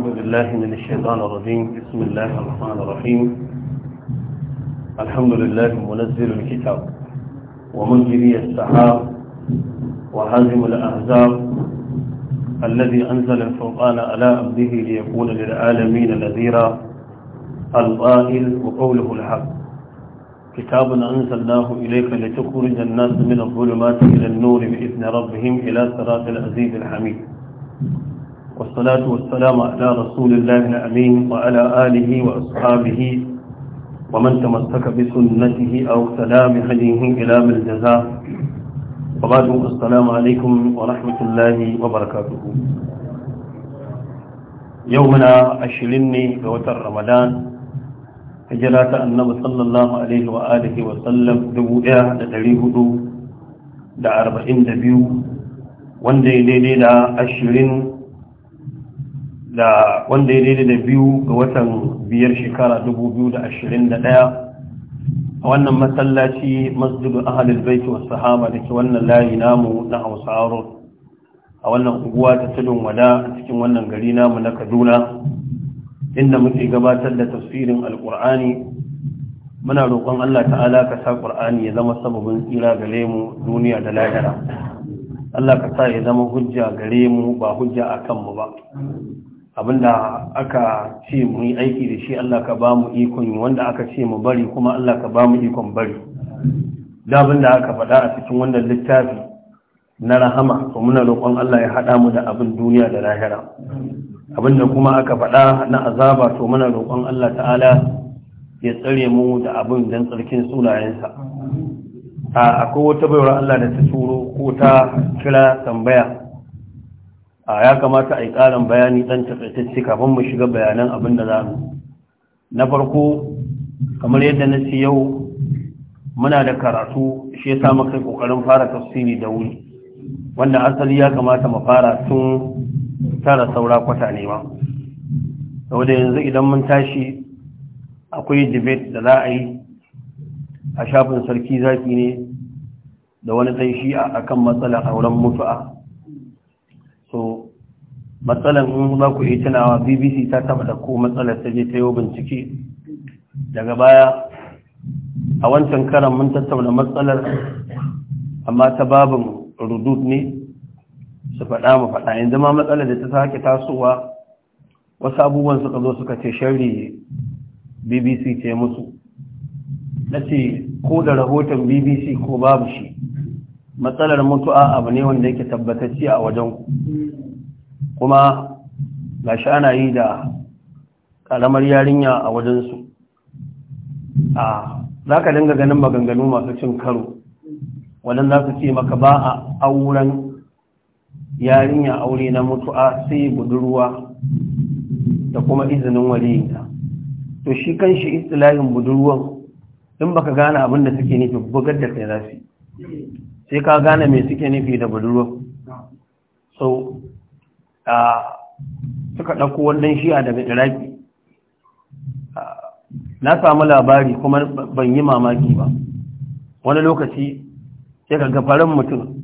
أعوذ بالله من الشيطان الرجيم بسم الله الرحمن الرحيم الحمد لله منزل الكتاب ومنجلي السحاب وهازم الأحزاب الذي أنزل الفرقان على عبده ليكون للعالمين نذيرا القائل وقوله الحق كتاب أنزلناه إليك لتخرج الناس من الظلمات إلى النور بإذن ربهم إلى صراط العزيز الحميد والصلاة والسلام على رسول الله الأمين وعلى آله وأصحابه ومن تمسك بسنته أو سلام حديه إلى الجزاء وبعد السلام عليكم ورحمة الله وبركاته يومنا عشريني بوتر رمضان hijira ta annabi sallallahu alaihi wa alihi wa sallam biyu wanda ya daidai da ashirin da wanda ya daidai da biyu ga watan biyar shekara 2021 a wannan masallaci masjidu ahalul baiti wasu sahaba da ke wannan layi namu na hausa road a wannan unguwa ta tudun wada a cikin wannan gari namu na kaduna inda muke gabatar da tafsirin alkur'ani muna roƙon allah ta'ala ka sa ƙur'ani ya zama sababin tsira gare mu duniya da lahira allah ka sa ya zama hujja gare mu ba hujja a kanmu ba abinda aka ce mu yi aiki da shi Allah ka ba mu ikon wanda aka ce mu bari kuma Allah ka ba mu ikon bari da abinda aka faɗa a cikin wannan littafi na rahama to muna roƙon Allah ya haɗa mu da abin duniya da lahira abinda kuma aka faɗa na azaba to muna roƙon Allah ta'ala ya tsare mu da abin don tsarkin sunayensa A'a akwai wata baiwar Allah da ta turo ko ta kira tambaya ya kamata a yi ƙarin bayani ɗan taƙaitacce kafin mu shiga bayanan abin da za mu na farko kamar yadda na ce yau muna da karatu shi ya samu kai ƙoƙarin fara tafsiri da wuri wanda asali ya kamata mu fara tun tara saura kwata ne ba saboda yanzu idan mun tashi akwai debate da za a yi a shafin sarki zaki ne da wani ɗan shi'a akan matsalar auren mutu'a matsalar in za ku iya tunawa bbc ta taba da ko matsalar ta je ta yi bincike daga baya a wancan karan mun tattauna matsalar amma ta babin rudud ne su faɗa mu faɗa yanzu ma matsalar da ta sake tasowa wasu abubuwan suka zo suka ce shari bbc ce musu na ce ko da rahoton bbc ko babu shi matsalar mutu'a abu ne wanda yake tabbatacci a wajen kuma gashi ana yi da karamar yarinya a wajensu a za ka dinga ganin maganganu masu cin karo wadan za su ce maka ba a auren yarinya aure na mutu'a sai budurwa da kuma izinin waliyinta to shi kan shi istilayin budurwan in baka gane abin da suke nufi bugar da kai zafi sai ka gane mai suke nufi da budurwan so suka ɗauko wannan shi'a daga iraki na samu labari kuma ban yi mamaki ba wani lokaci sai ka mutum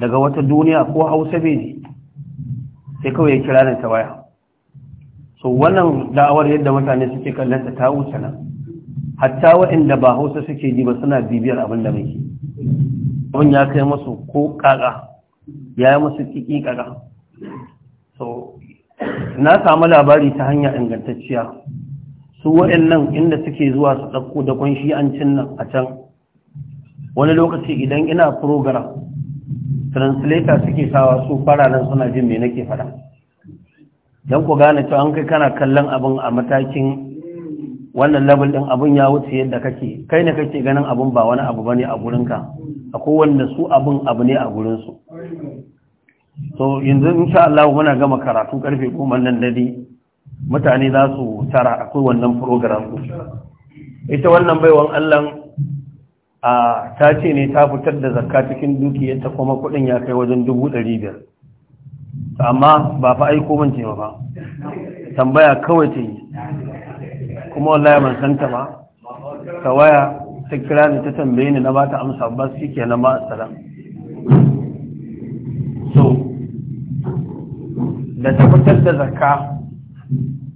daga wata duniya ko hausa beji sai kawai ya kira ta waya so wannan da'awar yadda mutane suke kallon ta wuce nan hatta waɗanda ba hausa suke ji ba suna bibiyar abin da mai wani ya kai masu ko ƙaƙa ya yi masu ƙiƙi ƙaƙa so na samu labari ta hanya ingantacciya su waannan inda suke zuwa su ɗauko da kunshi an cin nan a can wani lokaci idan ina program translator suke sawa su fara nan suna jin mai nake fada don ku gane cewa an kai kana kallon abin a matakin wannan level din abin ya wuce yadda kake kai ne kake ganin abin ba wani abu bane a gurinka akwai wanda su abin abu ne a gurinsu so yanzu insha Allah muna gama karatu karfe goma nan dare mutane za su tara akwai wannan program ita wannan baiwan Allah a ta ce ne ta fitar da zakka cikin dukiyar ta kuma kudin ya kai wajen 1500 amma ba fa aiko ban ce ba tambaya kawai ce kuma wallahi ban san ta ba ta waya ta kira ni ta tambaye ni na ba ta amsa ba shikenan ma assalam so da tabbatar da zakka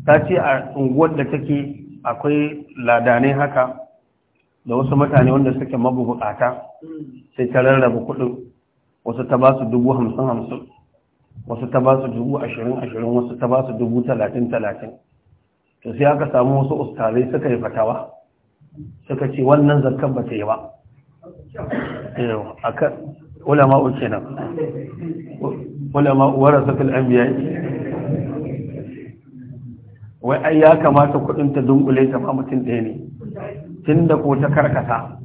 ta ce a unguwar da take akwai ladanai haka da wasu mutane wanda suke mabubukata sai ta rarraba kudin wasu ta ba su dubu hamsin hamsin wasu ta ba su dubu ashirin ashirin wasu ta ba su dubu talatin talatin to sai aka samu wasu ustare suka yi fatawa suka ce wannan zakkan ba ta yi ba ulama uke nan ulama warasatul anbiya wai ai ya kamata kudin ta dunkule ta ba mutum ɗaya ne tunda ko ta karkata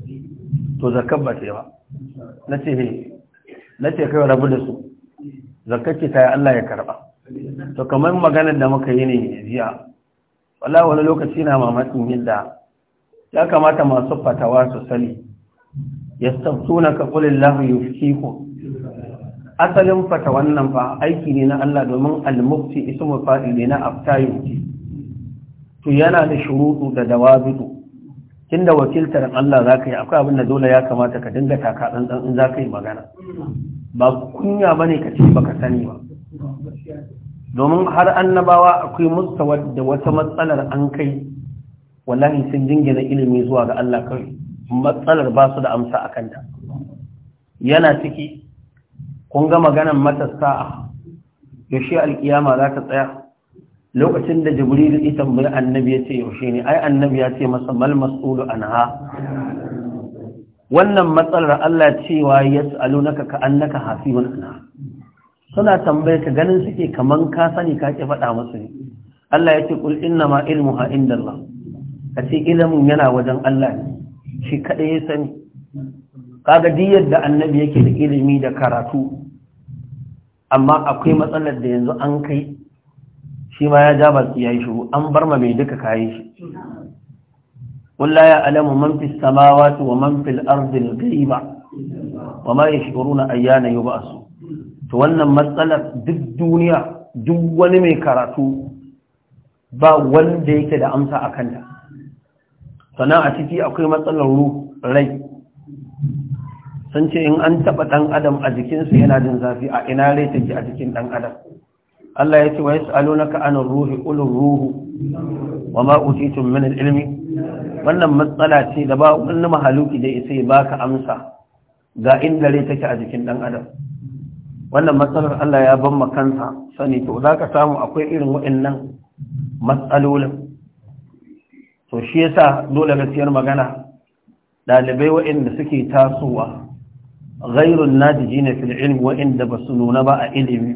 to zakar ba ba na ce ne na ce kai rabu da su zakar ce ta Allah ya karba to kamar maganar da muka yi ne jiya wala wani lokaci na mamakin yadda ya kamata masu fatawa su sani ya stabtuna ka kulillahu yufikum asalin fata wannan fa aiki ne na Allah domin al-mufti ismu fa'il ne na aftayuti to yana da shuruɗu da dawabidu, tunda wakiltar Allah zaka yi akwai abin da dole ya kamata ka dinga taka dan dan in zaka yi magana ba kunya bane ka ce baka sani ba domin har annabawa akwai mustawar da wata matsalar an kai wallahi sun jingina ilimi zuwa ga Allah kai matsalar ba su da amsa akanta yana ciki kun ga maganan matasa yaushe alkiyama za ta tsaya lokacin da jibril ya tambayi annabi ya ce yaushe ne ai annabi ya ce masa mal mas'ulu anha wannan matsalar Allah cewa naka ka annaka hafizun anha suna tambaye ka ganin suke kaman ka sani ka ki faɗa musu ne Allah ya ce kul inna ma ilmuha indallah kace ilimin yana wajen Allah ne shi kadai ya sani kaga diyar da annabi yake da ilimi da karatu amma akwai matsalar da yanzu an kai shi ma ya ja ba su yayi shi an bar ma mai duka kayi shi Kullaya Alama alamu man fi samawati wa man fil ardi al-ghaiba wa ma yashuruna ayyana yub'asu to wannan matsalar duk duniya duk wani mai karatu ba wanda yake da amsa a kanta sannan a ciki akwai matsalar rai sun ce in an taɓa ɗan adam a jikinsu yana jin zafi a ina rai take a jikin ɗan adam Allah ya ce wa yasu na ka'anar ruhi ulun ruhu wa ma'utitun min ilmi wannan matsala ce da ba wani mahaluki da isa ya baka amsa ga inda rai take a jikin ɗan adam wannan matsalar Allah ya ban makansa sani to za ka samu akwai irin waɗannan matsalolin to shi yasa dole gaskiyar magana ɗalibai waɗanda suke tasowa ghairun nadijina fil ilm wa inda basu nuna ba a ilimi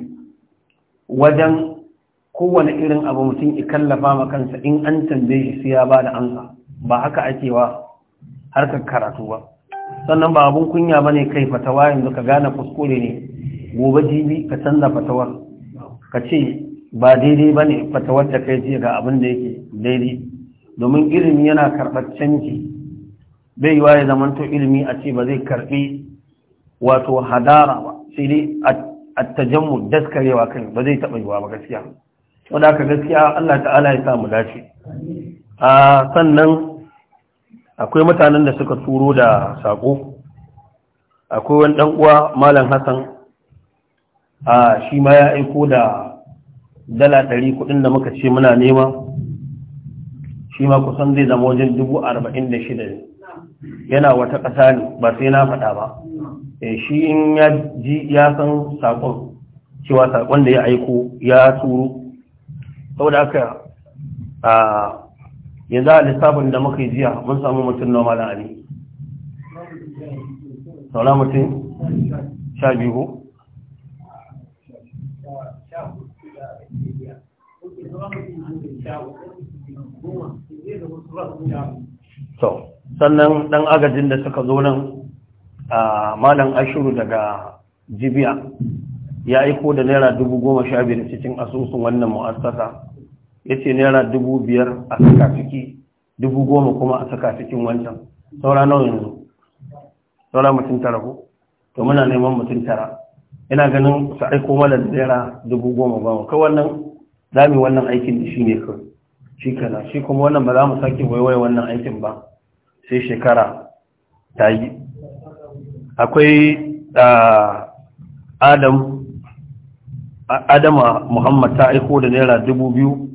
wajen kowane irin abu mutum ya kallafa ma kansa in an tambaye shi ya ba da amsa ba haka ake wa harkar karatu ba sannan ba abun kunya bane kai fatawa yanzu ka gane kuskure ne gobe jibi ka canza fatawar ka ce ba daidai bane fatawar da kai jiya ga abin da yake daidai domin ilimi yana karɓar canji bai wa ya zamanto ilimi a ce ba zai karɓi wato hadara ba sai dai a tajammu daskarewa kan ba zai taɓa yiwa ba gaskiya wadda aka gaskiya Allah ta'ala ya samu dace a sannan akwai mutanen da suka turo da saƙo akwai wani ɗan uwa malam hassan a shi ma ya aiko da dala ɗari kuɗin da muka ce muna nema shi ma kusan zai zama wajen dubu arba'in da shida ne yana wata ƙasa ne ba sai na faɗa ba eh, shi in ya ji ya san saƙon cewa saƙon da ya aiko ya turo saboda aka a yanzu a lissafin da muka yi jiya mun samu mutum na mala ali saura mutum sha biyu so sannan ɗan agajin da suka zo nan a malam ashiru daga jibiya ya aiko da naira dubu goma sha biyar cikin asusun wannan mu'assasa ya ce naira dubu biyar a saka ciki dubu goma kuma a saka cikin wancan saura nawa yanzu saura mutum tara ko to muna neman mutum tara ina ganin su aiko mana da naira dubu goma goma kai wannan za mu yi wannan aikin da shi ne kawai shi kana shi kuma wannan ba za mu sake waiwai wannan aikin ba sai shekara ta yi akwai adam adama muhammad ta aiko da naira dubu biyu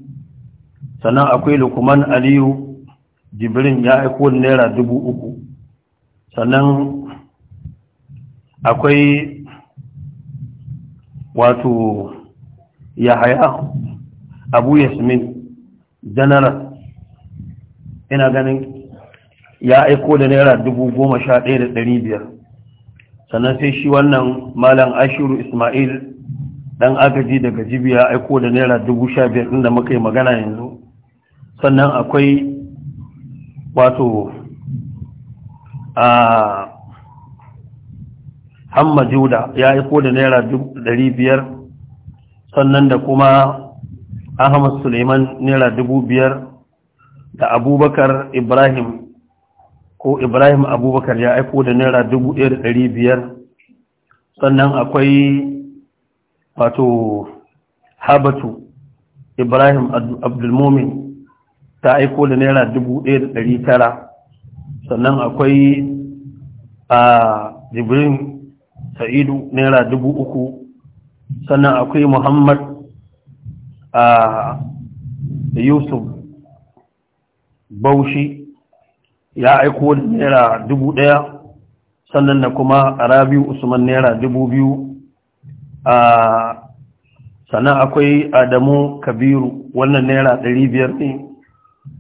sannan akwai lukuman aliyu jibrin ya aiko da naira dubu uku sannan akwai wato yahaya abu yasmin janaral ina ganin ya aiko da naira dubu goma sha ɗaya da ɗari biyar sannan sai shi wannan malam ashiru ismail ɗan agaji daga jibi ya aiko da naira dubu sha biyar inda muka yi magana yanzu sannan akwai wato a hamma juda ya aiko da naira ɗari biyar sannan da kuma ahmad suleiman naira dubu biyar da abubakar ibrahim ko ibrahim abubakar ya aiko da naira dubu ɗaya da ɗari biyar sannan akwai wato habatu ibrahim abdulmumin ta aiko da naira dubu ɗaya da ɗari tara sannan akwai a jibrin sa'idu naira dubu uku sannan akwai muhammad a yusuf baushi ya aiko da naira dubu ɗaya sannan da kuma rabiu usman naira dubu biyu a sannan akwai adamu kabiru wannan naira ɗari biyar ne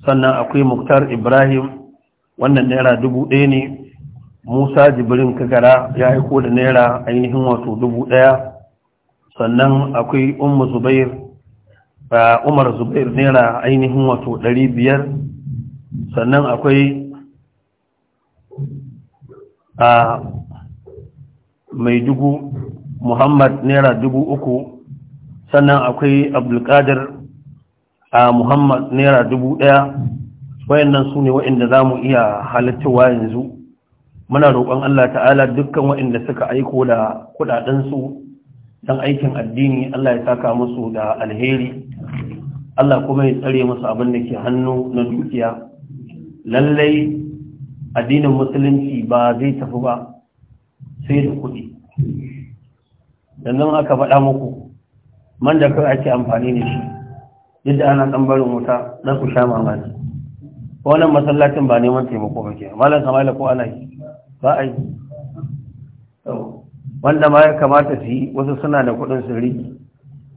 sannan akwai muktar ibrahim wannan naira dubu ɗaya ne musa jibrin kagara ya aiko da naira ainihin wato dubu ɗaya sannan akwai umar zubair umar zubair naira ainihin wato ɗari biyar sannan akwai a mai dubu muhammad naira dubu uku sannan akwai abdulkadir a muhammad naira dubu ɗaya wayannan su ne wa'inda za mu iya halittuwa yanzu muna roƙon allah ta'ala dukkan wa'inda suka aiko da kudadensu don aikin addini allah ya saka musu da alheri allah kuma ya tsare musu abin da ke hannu na dukiya lallai addinin musulunci ba zai tafi ba sai da kuɗi yanzu aka faɗa muku man da kawai ake amfani da shi yadda ana ɗan barin wuta na ku sha mamaki wannan masallacin ba neman taimako ba ke malam samala ko ana yi ba a yi wanda ma ya kamata su yi wasu suna da kuɗin su riƙi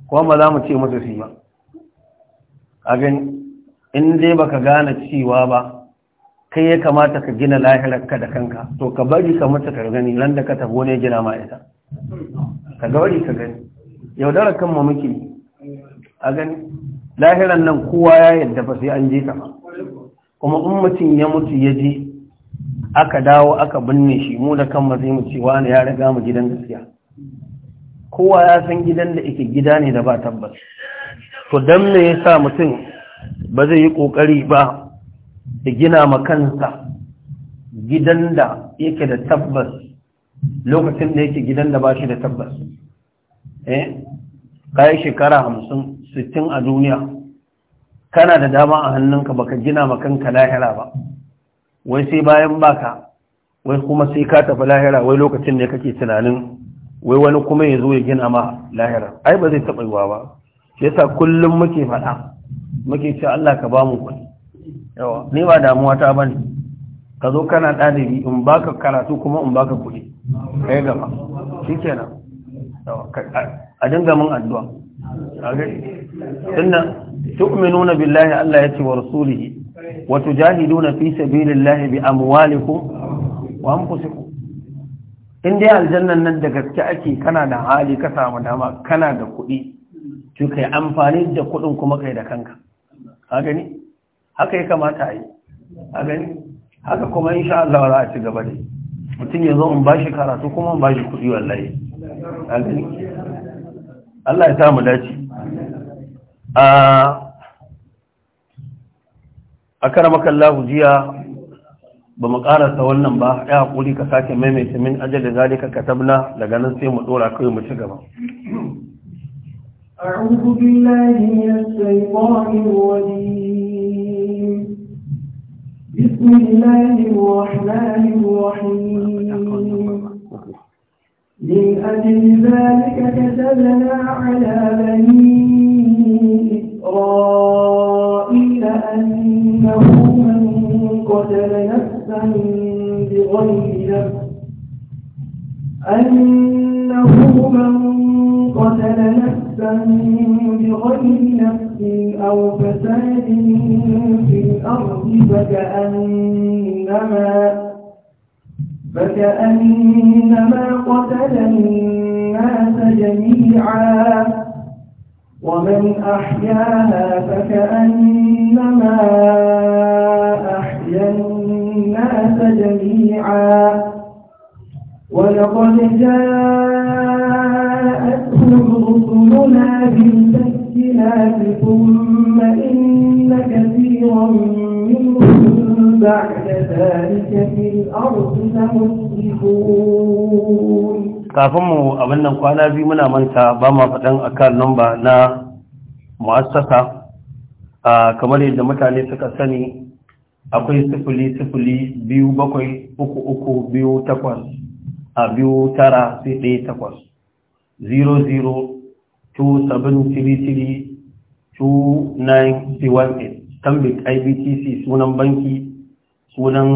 ko ma za mu ce musu su yi ba a gani in dai baka gane cewa ba kai ya kamata ka gina lahirarka da kanka to ka bari ka mutu ka gani ran da ka tafi wani gina ma ka ga bari ka gani yaudarar kan mamaki a gani lahirar nan kowa ya yadda ba sai an je ta kuma in mutum ya mutu ya je aka dawo aka binne shi mu da kan sai mu ce wani ya riga mu gidan gaskiya kowa ya san gidan da yake gida ne da ba tabbas to don me sa mutum ba zai yi kokari ba da gina makansa gidan da yake da tabbas lokacin da yake gidan da ba shi da tabbas eh kayan shekara hamsin sittin a duniya kana da dama a hannunka baka gina makanka lahira ba wai sai bayan baka wai kuma sai ka tafi lahira wai lokacin da kake tunanin wai wani kuma ya zo ya gina ma lahira ai ba zai taɓa yiwa ba shi yasa kullum muke faɗa muke ce Allah ka ba mu kuɗi yawa ni ba damuwa ta bane ka zo kana ɗalibi in baka karatu kuma in baka kuɗi kai gaba shikenan a dinga mun addu'a A inna tu'minuna billahi Allah ya ce wa rasulihi wa tujahiduna fi sabilillahi bi amwalikum wa anfusikum in dai aljannan nan da gaske ake kana da hali ka samu dama kana da kuɗi to kai amfani da kuɗin kuma kai da kanka ka gani haka ya kamata a yi a gani haka kuma sha Allah za a ci gaba ne mutum ya zo in ba shi karatu kuma in ba shi kuɗi wallahi a gani Allah ya samu dace a karamakan jiya ba mu karasa wannan ba ya haƙuri ka sake maimaita min ajali zalika katabna daga nan sai mu dora kai mu ci gaba أعوذ بالله من الشيطان الرجيم بسم الله الرحمن الرحيم من أجل ذلك كتبنا على بني إسرائيل أنه من قتل نفسا بغير نفس أنه من قتل نفسا بغير نفس أو فساد في الأرض فكأنما فكأنما قتل الناس جميعا ومن أحياها فكأنما أحيا الناس جميعا ولقد جاءتهم رسلنا بالبيت بالبينات ثم إن كثيرا منهم بعد ذلك في الأرض لمسرفون kafin mu abin nan kwana biyu muna manta ba ma faɗin akan numba na A kamar yadda mutane suka sani akwai sifili sifili biyu bakwai uku uku biyu takwas a biyu tara sai ɗaya takwas zero zero 2733-2938 tambik ibtc sunan banki sunan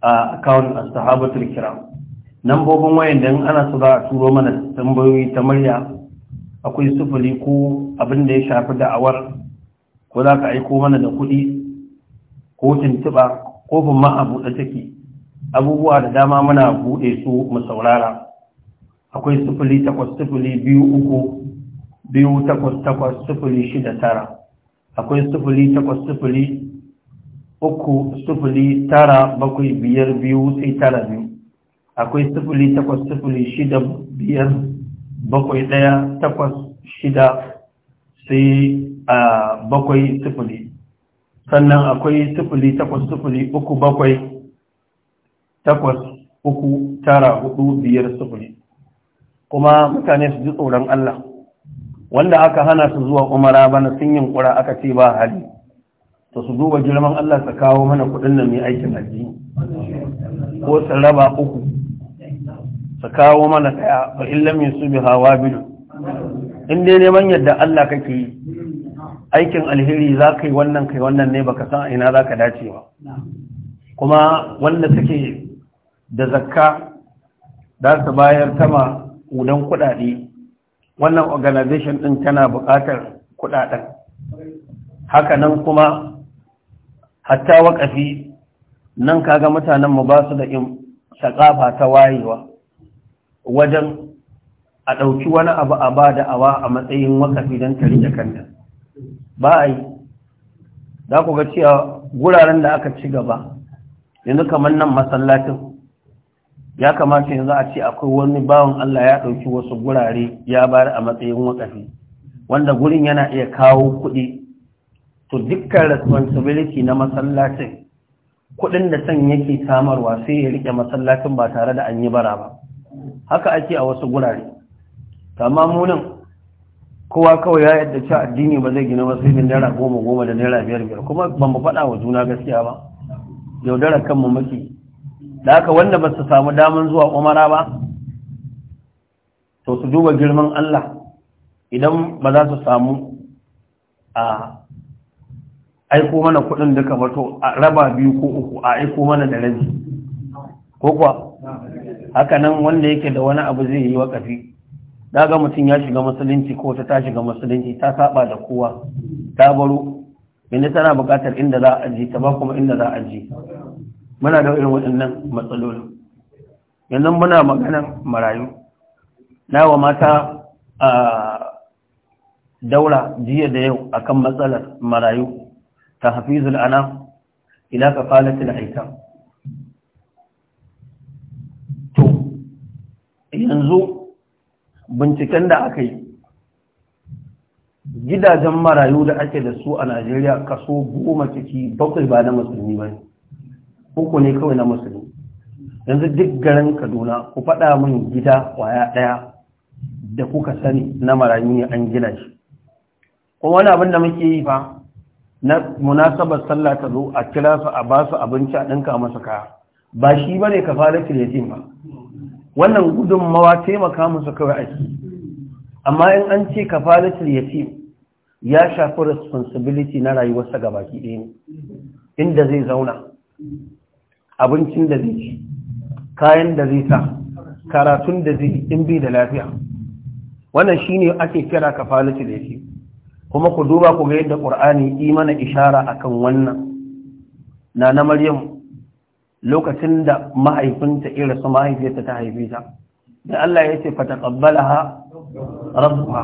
account a sahabatul kiram nambobin wayan da ana su a turo mana tambayoyi ta murya akwai sufuri ko abin da ya shafi da'awar ko za ka aiko mana da kuɗi ko tuntuɓa kofin ma a buɗe take abubuwa da dama muna buɗe su mu saurara akwai sufuri takwas sufuri biyu uku biyu takwas takwas sufuri shida tara akwai sufuri takwas sufuri uku sufuri tara bakwai biyar biyu sai tara biyu akwai sufuri takwas sufuri shida biyar bakwai ɗaya takwas shida sai a bakwai sufuri sannan akwai sufuri takwas sufuri uku bakwai takwas uku tara hudu biyar sufuri kuma mutane su ji tsoron Allah wanda aka hana su zuwa umara bana sun yin ƙura aka ce ba hali to su duba girman Allah su kawo mana kuɗin nan mai aikin addini ko su raba uku su kawo mana kaya ba illa mai su bi hawa biyu. in dai neman yadda Allah kake yi aikin alheri za ka yi wannan kai wannan ne baka san ina za ka dace ba kuma wanda suke da zakka za su bayar tama udan kuɗaɗe wannan organization ɗin tana buƙatar kuɗaɗen haka nan kuma hatta waƙafi nan ka kaga mutanenmu ba su da shaƙafa ta wayewa wajen a ɗauki wani abu a ba da awa a matsayin waƙafi don tari da kanta ba a yi za ku ga cewa guraren da aka ci gaba yanzu kamar nan masallacin ya kamata yanzu a ce akwai wani bawan Allah ya ɗauki wasu gurare ya bari a matsayin wakafi wanda gurin yana iya kawo kuɗi to dukkan responsibility na masallacin kuɗin da san yake samarwa sai ya riƙe masallacin ba tare da an yi bara ba haka ake a wasu gurare amma munin kowa kawai ya yadda cewa addini ba zai gina wasu irin naira goma goma da naira biyar biyar kuma ba mu faɗa wa juna gaskiya ba yaudarar kanmu maki da aka wanda ba su samu daman zuwa umara ba to su duba girman Allah idan ba za su samu a aiko mana kudin duka ba to raba biyu ko uku a aiko mana da rabi ko kuwa haka nan wanda yake da wani abu zai yi wakafi ga mutum ya shiga musulunci ko ta tashi shiga musulunci ta saba da kowa ta baro inda tana bukatar inda za a ji ta ba kuma inda za a ji muna da irin waɗannan matsalolin yanzu muna maganar marayu na wa mata a daura jiya da yau akan matsalar marayu ta hafizul ana ila kafalatul haita to yanzu binciken da aka yi gidajen marayu da ake da su a Najeriya kaso goma ciki bakwai ba na musulmi ba uku ne kawai na musulmi yanzu duk garin kaduna ku faɗa min gida waya ɗaya da kuka sani na marayu ne an gina shi kuma wani abin da muke yi fa na munasabar sallah ta zo a kira su a basu abinci a ɗinka masa kaya ba shi ba ne kafalar kiletin ba wannan gudunmawa taimaka musu kawai ake amma in an ce ka fara kiletin ya shafi responsibility na rayuwarsa gabaki ɗaya ne inda zai zauna abincin da zai ci kayan da zai sa karatun da zai in bi da lafiya wannan shine ake kira kafalati da shi kuma ku duba ku ga yadda qur'ani yi mana ishara akan wannan na na maryam lokacin da mahaifinta irin su mahaifinta ta haife ta da Allah ya ce fataqabbalaha rabuwa.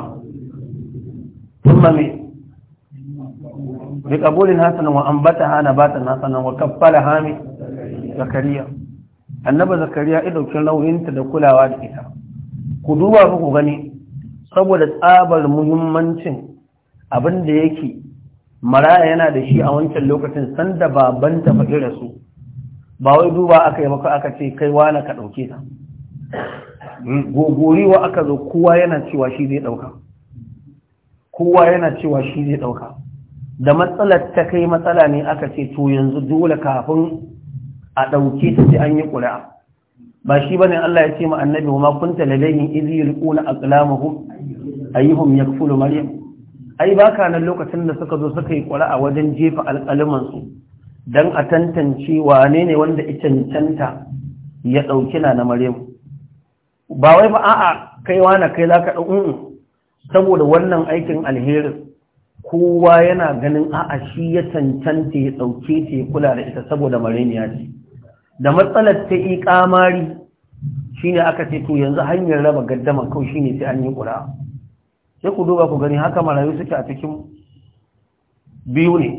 thumma min bi qabulin hasanan wa hana batan hasanan wa kaffala hami zakariya annaba zakariya ya ɗauki nauyinta da kulawa da ita ku duba ku gani saboda tsabar muhimmancin abin da yake maraya yana da shi a wancan lokacin sanda baban ta faɗi rasu ba wai duba aka yi maka aka ce kai wani ka ɗauke ta gogorewa aka zo kowa yana cewa shi zai ɗauka kowa yana cewa shi zai ɗauka da matsalar ta kai matsala ne aka ce to yanzu dole kafin a ɗauke ta sai an yi ƙuri'a ba shi bane Allah ya ce ma annabi wa ma kunta ladaihim a yi aqlamuhum ya yakfulu maryam ai baka nan lokacin da suka zo suka yi ƙuri'a wajen jefa alƙalimansu don a tantance wane ne wanda ya cancanta ya ɗauki na na maryam ba wai ba a'a kaiwa na kai za ka ɗau saboda wannan aikin alherin kowa yana ganin a'a shi ya cancanta ya ɗauke ta ya kula da ita saboda mareniya ce da matsalar ta yi kamari shine aka ce to yanzu hanyar raba gaddama kawai shine sai an yi ƙura sai ku duba ku gani haka marayu suke a cikin biyu ne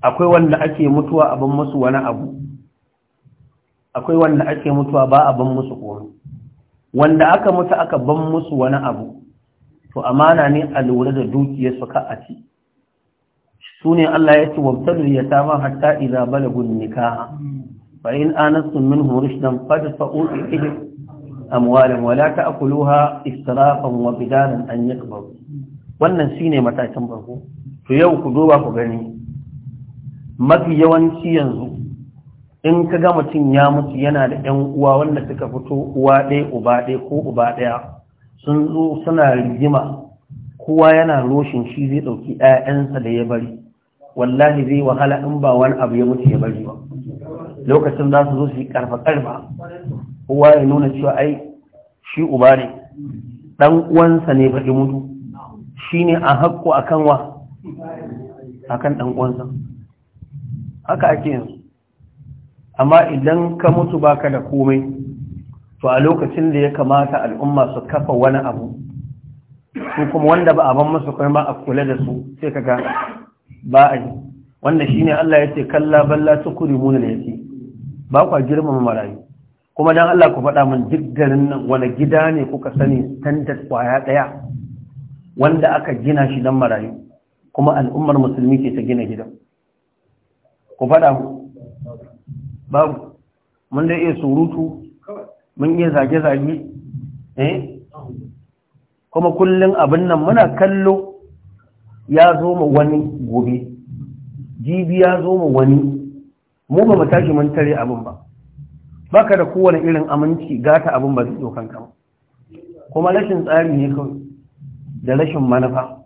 akwai wanda ake mutuwa abin musu wani abu akwai wanda ake mutuwa ba abin musu komi wanda aka mutu aka ban musu wani abu to amana ne a lura da dukiyar su ka a ci su Allah ya ce wabtalu ya tama hatta idza balagun nikaha fa in anastum minhum rushdan fadfa'u fa'u amwalahum wa wala ta'kuluha israfan wa bidanan an yakbar wannan shine matakin farko to yau ku duba ku gani mafi yawanci yanzu in ka ga mutum ya mutu yana da ƴan uwa wanda suka fito uwa ɗaya uba ɗaya ko uba ɗaya sun zo suna rigima kowa yana roshin shi zai ɗauki 'ya'yansa da ya bari wallahi zai wahala in ba wani abu ya mutu ya bari ba lokacin za su zo su yi karfa-karfa kowa ya nuna cewa ai shi uba ne ɗan uwansa ne baɗi mutu shi ne a haƙƙo a kan wa a kan ɗan uwansa haka ake yanzu amma idan ka mutu baka da komai to a lokacin da ya kamata al'umma su kafa wani abu su kuma wanda ba a ban masu kuma ba a kula da su sai ka ga ba a yi wanda ne Allah ya ce kalla balla da ya yatim ba kwa girmama marayu kuma don Allah ku faɗa min duk garin nan wani gida ne kuka sani standard kwaya ɗaya wanda aka gina shi don marayu kuma al'ummar musulmi ke ta gina gidan ku faɗa mu babu mun da iya surutu mun iya zage-zage eh kuma kullum abin nan muna kallo ya zo ma wani gobe jibi ya zo ma wani mu ba mu tashi mun tare abin ba baka da kowane irin aminci gata abin ba zai dokan kama kuma rashin tsari ne kawai da rashin manufa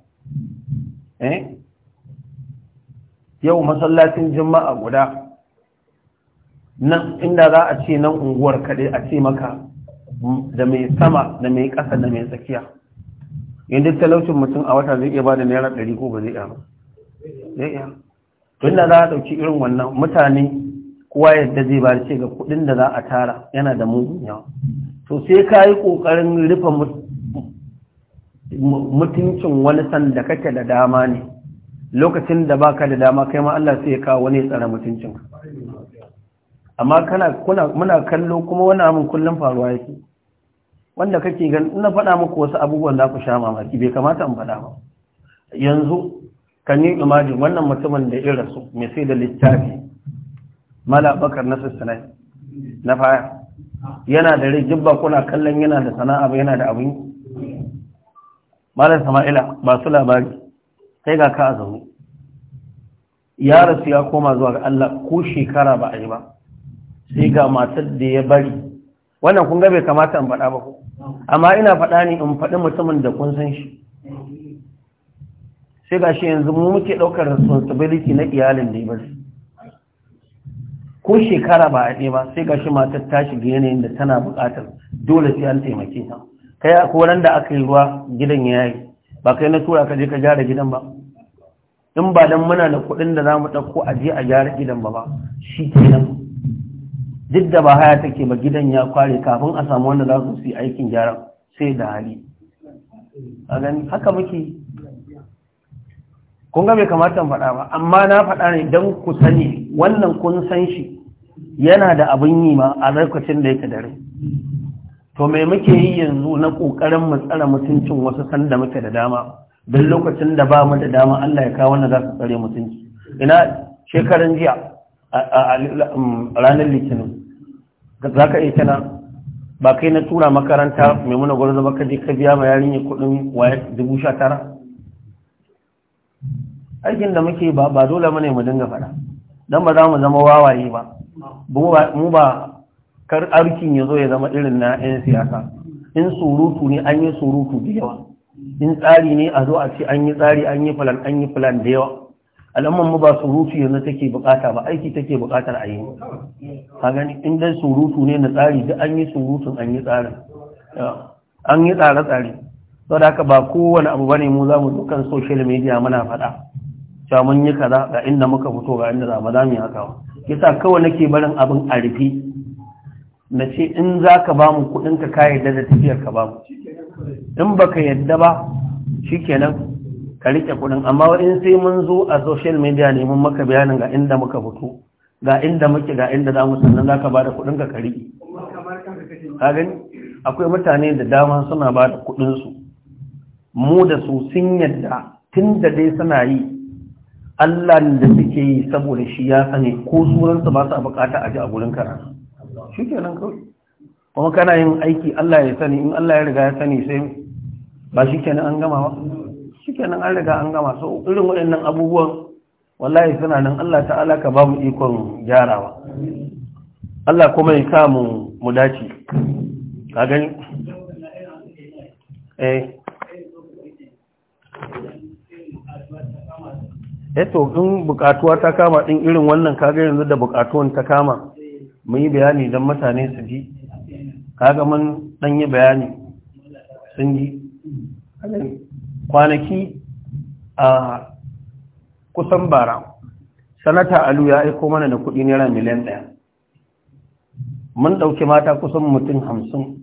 eh? yau masallacin juma'a guda nan inda za a ce nan unguwar kaɗai a ce maka da mai sama da mai ƙasa da mai tsakiya in duk talaucin mutum a wata zai iya ba da naira ɗari ko ba zai iya ba zai iya tun za a ɗauki irin wannan mutane kowa yadda zai ba ce ga kuɗin da za a tara yana da mugun yawa to sai ka yi ƙoƙarin rufe mutuncin wani sanda kake da dama ne lokacin da baka da dama kai ma Allah sai ya kawo wani ya tsara mutuncin amma kana kuna muna kallo kuma wani amin kullum faruwa yake wanda kake gan ina faɗa muku wasu abubuwan da ku sha mamaki bai kamata in faɗa ba yanzu kan yi imajin wannan mutumin da ya su mai sai da littafi mala bakar na sassanai na faya yana da rigib ba kuna kallon yana da sana'a ba yana da abin malar sama'ila ba su labari sai ga ka a zaune ya rasu ya koma zuwa ga Allah ko shekara ba a yi ba sai ga matar da ya bari wannan kun ga bai kamata in faɗa ba ku amma ina faɗa ne in faɗi mutumin da kun san shi sai ga shi yanzu mu muke ɗaukar responsibility na iyalin da ya ko shekara ba a ɗaya ba sai ga shi matar ta shiga yanayin da tana buƙatar dole sai an taimake ta kai a koran da aka yi ruwa gidan ya yi ba kai na tura ka je ka gyara gidan ba in ba dan muna da kuɗin da za mu ɗauko a je a gyara gidan ba ba shi kenan duk da ba haya take ba gidan ya kware kafin a samu wanda za su yi aikin gyara sai da hali a gani haka muke kun ga bai kamata mu faɗa ba amma na faɗa ne don ku sani wannan kun san shi yana da abin yi ma a zarkacin da yake dare to me muke yi yanzu na ƙoƙarin mu tsara mutuncin wasu sanda muke da dama don lokacin da ba mu da dama Allah ya kawo wanda za su tsare mutunci ina shekaran jiya a ranar litinin za ka iya tana ba kai na tura makaranta mai muna gwarzo ba ka je biya ma yarin kuɗin kudin waya dubu sha tara aikin da muke ba ba dole mu ne mu dinga faɗa don ba za mu zama wawaye ba mu ba kar arkin ya zo ya zama irin na 'yan siyasa in surutu ne an yi surutu da yawa in tsari ne a zo a ce an yi tsari an yi filan an yi filan da yawa al'amman mu ba surutu yanzu take bukata ba aiki take bukatar a yi ka gani in dai surutu ne na tsari duk an yi surutun an yi tsarin an yi tsare-tsare sau da haka ba kowane abu bane mu za mu dukkan social media muna faɗa cewa mun yi kaza ga inda muka fito ga inda za mu za mu haka yasa kawai nake barin abin a rufe na ce in za ka ba mu kuɗinka ka yarda da tafiyar ka ba mu in baka yadda ba shikenan ka rike kudin amma in sai mun zo a social media ne mun maka bayanin ga inda muka fito ga inda muke ga inda za mu sannan za ka ba da kudin ka kari ka gani akwai mutane da dama suna ba da kudinsu mu da su sun yadda tun da dai suna yi Allah da suke yi saboda shi ya sani ko sunansu ba su bukata a ji a gurin karatu shi nan kawai kuma kana yin aiki Allah ya sani in Allah ya riga ya sani sai ba shi kenan an gama ba nan an riga an gama so irin waɗannan abubuwan wallahi suna nan Allah ta'ala ka ba mu ikon gyarawa Allah kuma ya sa mu mu dace ka gani eh eto eh in bukatuwa ta kama din irin wannan kaga yanzu da bukatuwan ta kama mu yi bayani don mutane su ji kaga mun dan yi bayani sun ji kwanaki a kusan bara sanata alu ya aiko mana da kuɗi naira miliyan ɗaya mun ɗauki mata kusan mutum hamsin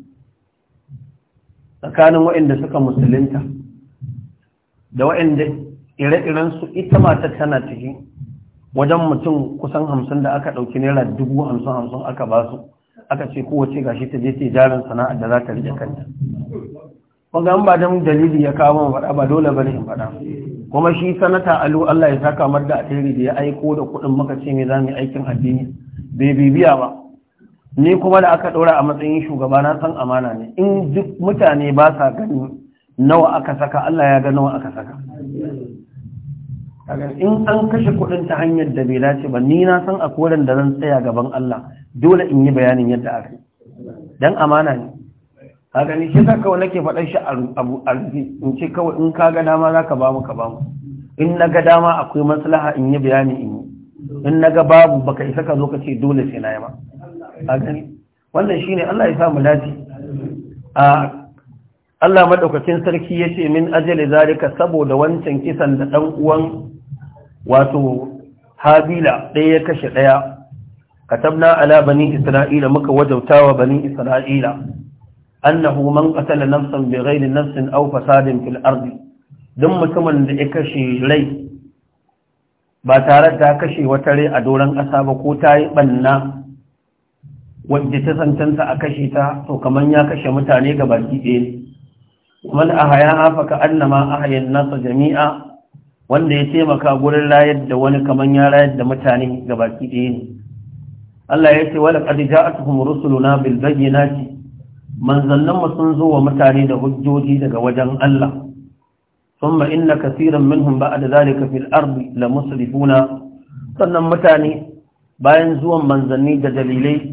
tsakanin waɗanda suka musulunta da waɗanda ire-irensu ita mata tana ciki wajen mutum kusan hamsin da aka ɗauki naira dubu hamsin hamsin aka ba su aka ce kowace gashi ta je ta jarin sana'ar da za ta rike kanta kun ga ba dan dalili ya kawo mun faɗa ba dole bane in faɗa kuma shi sanata alu Allah ya saka mar da alheri da ya aiko da kuɗin muka ce me zamu aikin addini bai bibiya ba ni kuma da aka ɗora a matsayin shugaba na san amana ne in duk mutane ba sa gani nawa aka saka Allah ya ga nawa aka saka in an kashe kuɗin ta hanyar da bai dace ba ni na san a koren da zan tsaya gaban Allah dole in yi bayanin yadda aka yi dan amana ne haka ne shi sa kawai nake faɗan shi a rufi in ce kawai in ka ga dama za ka ba mu ka ba mu in na ga dama akwai maslaha in yi bayani in yi in na ga babu baka isa ka zo ka ce dole sai na yi ma haka ne wannan ne Allah ya sa mu a Allah madaukakin sarki ya ce min ajali zalika saboda wancan kisan da ɗan uwan wato habila ɗaya ya kashe ɗaya katabna ala bani isra'ila muka wajauta wa bani isra'ila annahu man qatala nafsan bighairi nafsin aw fasadin fil ardi duk mutumin da ya kashe rai ba tare ta kashe wata rai a doron ƙasa ba ko ta yi banna wadda ta santanta a kashe ta to kamar ya kashe mutane ga baki ɗaya man ahaya hafa ka annama ahayan nasa jami'a wanda ya taimaka gurin rayar da wani kaman ya rayar da mutane gabaki ɗaya ne Allah ya ce wala qad ja'atuhum rusuluna bil bayyinati manzanninmu sun zo wa mutane da hujjoji daga wajen Allah ثم إن كثيرا منهم بعد ذلك في الأرض لمسرفون sannan mutane bayan zuwan manzanni da dalilai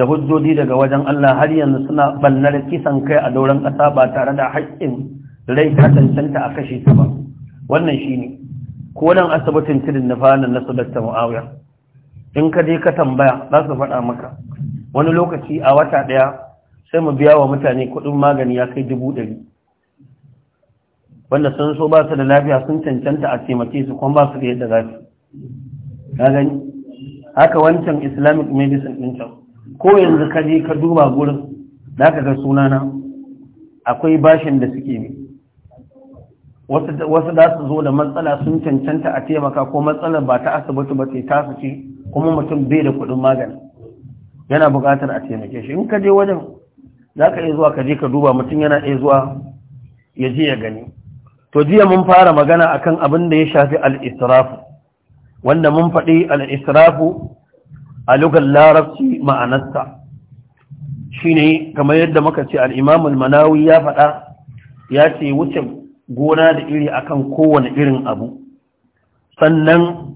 da hujjoji daga wajen Allah har yanzu suna bannar kisan kai a doron ƙasa ba tare da haƙƙin rai ta cancanta a kashe ta ba wannan shine ko nan asibitin tudun na fana na sulatta mu'awiya in ka je ka tambaya za su faɗa maka wani lokaci a wata ɗaya sai mu biya wa mutane kuɗin magani ya kai dubu ɗari wanda sun so ba su da lafiya sun cancanta a taimake su kuma ba su da yadda za su ka gani haka wancan islamic medicine din can ko yanzu ka je ka duba gurin da ka ga sunana akwai bashin da suke ne. wasu za su zo da matsala sun cancanta a taimaka ko matsalar ba ta asibiti ba ce tasu ce kuma mutum bai da kuɗin magani yana buƙatar a taimake shi in ka je wajen za ka iya zuwa ka je ka duba mutum yana iya zuwa ya je ya gani to jiya mun fara magana akan abin da ya shafi al'israfu wanda mun faɗi al'israfu a lugar larabci ma'anarsa shi ne kamar yadda muka ce alimamul manawi ya faɗa ya ce wuce gona da iri akan kowane irin abu sannan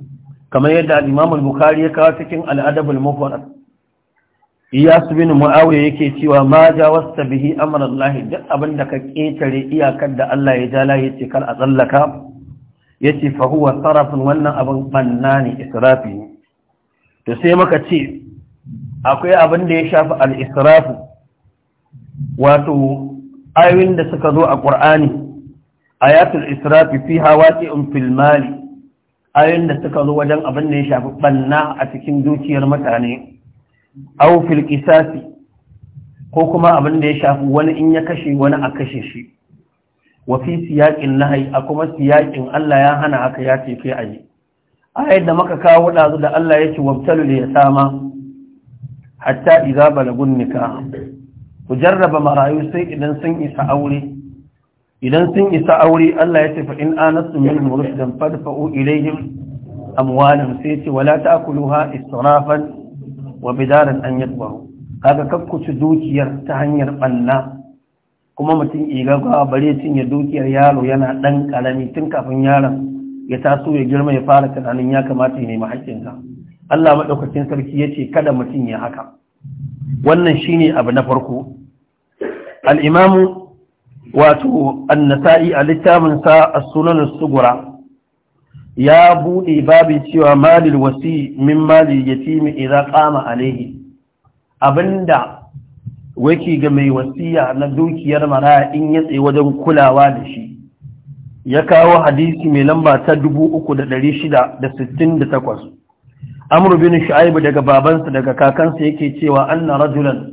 kamar yadda al’imamul bukari ya kawo cikin al'adabul mafarar Iyasu bin Muawiya yake cewa ma ja wasta bihi Lahi, duk abin da ka ketare iyakar da Allah ya jala yace kar a tsallaka yace fa huwa sarafin wannan abin banna ne israfi ne to sai muka ce akwai abin da ya shafi al wato ayoyin da suka zo a Qur'ani ayatul israfi fiha waqi'un fil mali ayoyin da suka zo wajen abin da ya shafi banna a cikin dukiyar mutane aw fil ko kuma abin da ya shafi wani in ya kashe wani a kashe shi wa fi siyaqin nahyi a kuma siyaqin Allah ya hana haka ya ce kai ayi ayat da muka kawo dazu da Allah yake wabtalu ya sama hatta idza balagun nikah ku jarraba marayu sai idan sun isa aure idan sun isa aure Allah ya ce fa in anastu minhum rushdan fadfa'u ilayhim amwalan sai ce wala ta'kuluha israfan wa bidaran an yadbaru kaga kakkuci dukiyar ta hanyar banna kuma mutum igaga bare cinye dukiyar yaro yana dan karami tun kafin yaron ya taso ya girma ya fara tunanin ya kamata ya nemi haƙƙinsa Allah madaukakin sarki yace kada mutum ya haka wannan shine abu na farko al-imamu wato an-nasa'i a littafin sa as-sunan as-sughra ya buɗe babin cewa malil wasi min malil yatimi idan kama alaihi abinda wake ga mai wasiya na dukiyar maraya in ya tsaye wajen kulawa da shi ya kawo hadisi mai lamba ta 3668 amru bin shu'aib daga babansa daga kakansa yake cewa anna rajulan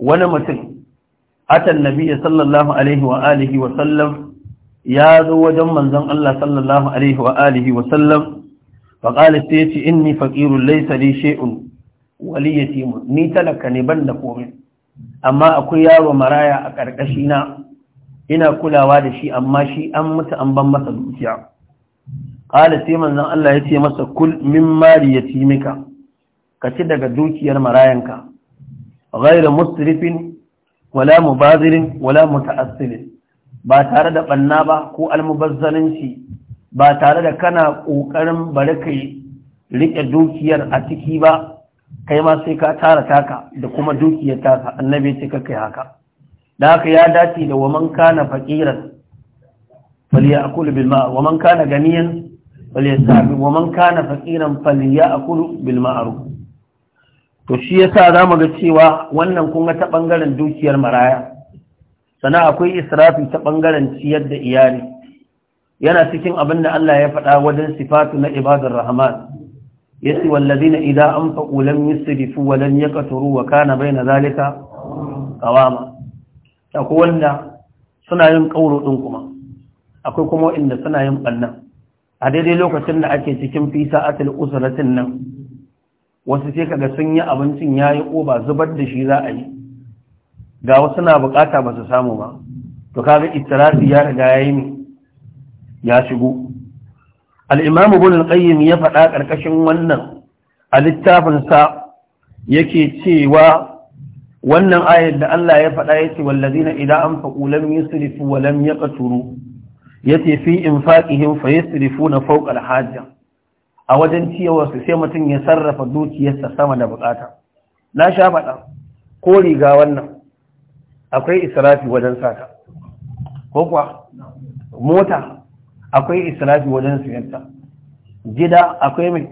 wani mutum atan nabiyyi sallallahu alaihi wa alihi wa sallam ya zo wajen manzon Allah sallallahu alaihi wa alihi wa sallam fa qala sai ce inni faqirun laysa li shay'un ni talaka ne banda komai amma akwai yaro maraya a karkashi na ina kulawa da shi amma shi an mutu an ban masa dukiya qala sai manzon Allah ya ce masa kul min mali yatimika ka ci daga dukiyar marayanka ghayra musrifin wala mubazirin wala muta'assilin ba tare da ɓanna ba ko almubazzaranci ba tare da kana ƙoƙarin bari ka riƙe dukiyar a ciki ba kai ma sai ka tara taka da kuma dukiyar taka annabi ce ka kai haka da haka ya dace da waman kana faƙiran akulu bil ma'ruf waman kana ganiyan sabi waman kana Faliya akulu bil ma'ruf to shi yasa zamu ga cewa wannan kun ga ta bangaren dukiyar maraya sana akwai israfi ta ɓangaren ciyar da iyali yana cikin abin da Allah ya faɗa wajen sifatu na ibadar rahman ya ce wallazi na ida an faƙo lam yusrifu wa lam yaqturu wa kana baina zalika Kawama. akwai wanda suna yin ƙauro ɗin kuma akwai kuma inda suna yin ɓannan. a daidai lokacin da ake cikin fisa atal usratin nan wasu sai kaga sun yi abincin yayi oba zubar da shi za a yi ga wasu na bukata ba su samu ba to kaga ittirasi ya riga yayi ne ya shigo al-imam ibn al-qayyim ya faɗa karkashin wannan a littafin sa yake cewa wannan ayar da Allah ya faɗa yace wallazina idza anfaqu lam yusrifu wa lam yaqturu yace fi infaqihim fayasrifuna fawqa al-hajja a wajen ciyawar su sai mutum ya sarrafa dukiyarsa sama da bukata na sha faɗa ko riga wannan akwai israfi wajen sata ko kuwa mota akwai israfi wajen siyanta gida akwai mai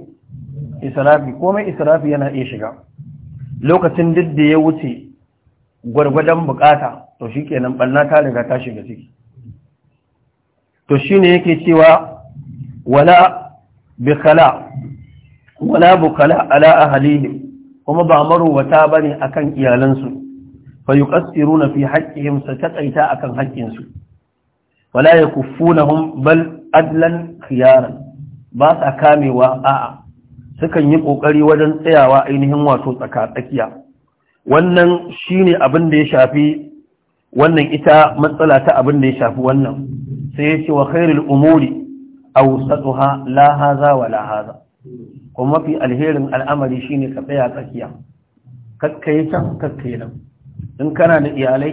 israfi komai israfi yana iya shiga lokacin duk da ya wuce gwargwadon bukata to shi kenan ɓanna ta riga ta shiga ciki to shi ne yake cewa wala bukala. wala bukala ala ahalihim kuma ba maruwata bane akan iyalansu fa na fi haqqihim ta taqaita akan haƙƙin su wala yakuffunahum bal adlan khiyaran ba sa kamewa a'a sukan yi kokari wajen tsayawa ainihin wato tsaka tsakiya wannan shine wannan ita matsala ta abin da ya shafi wannan sai yace wa khairul umuri awsatuha la haza wa lahaza. haza kuma mafi alherin al'amari shine ka tsaya tsakiya kakkai can kakkai nan in kana da iyalai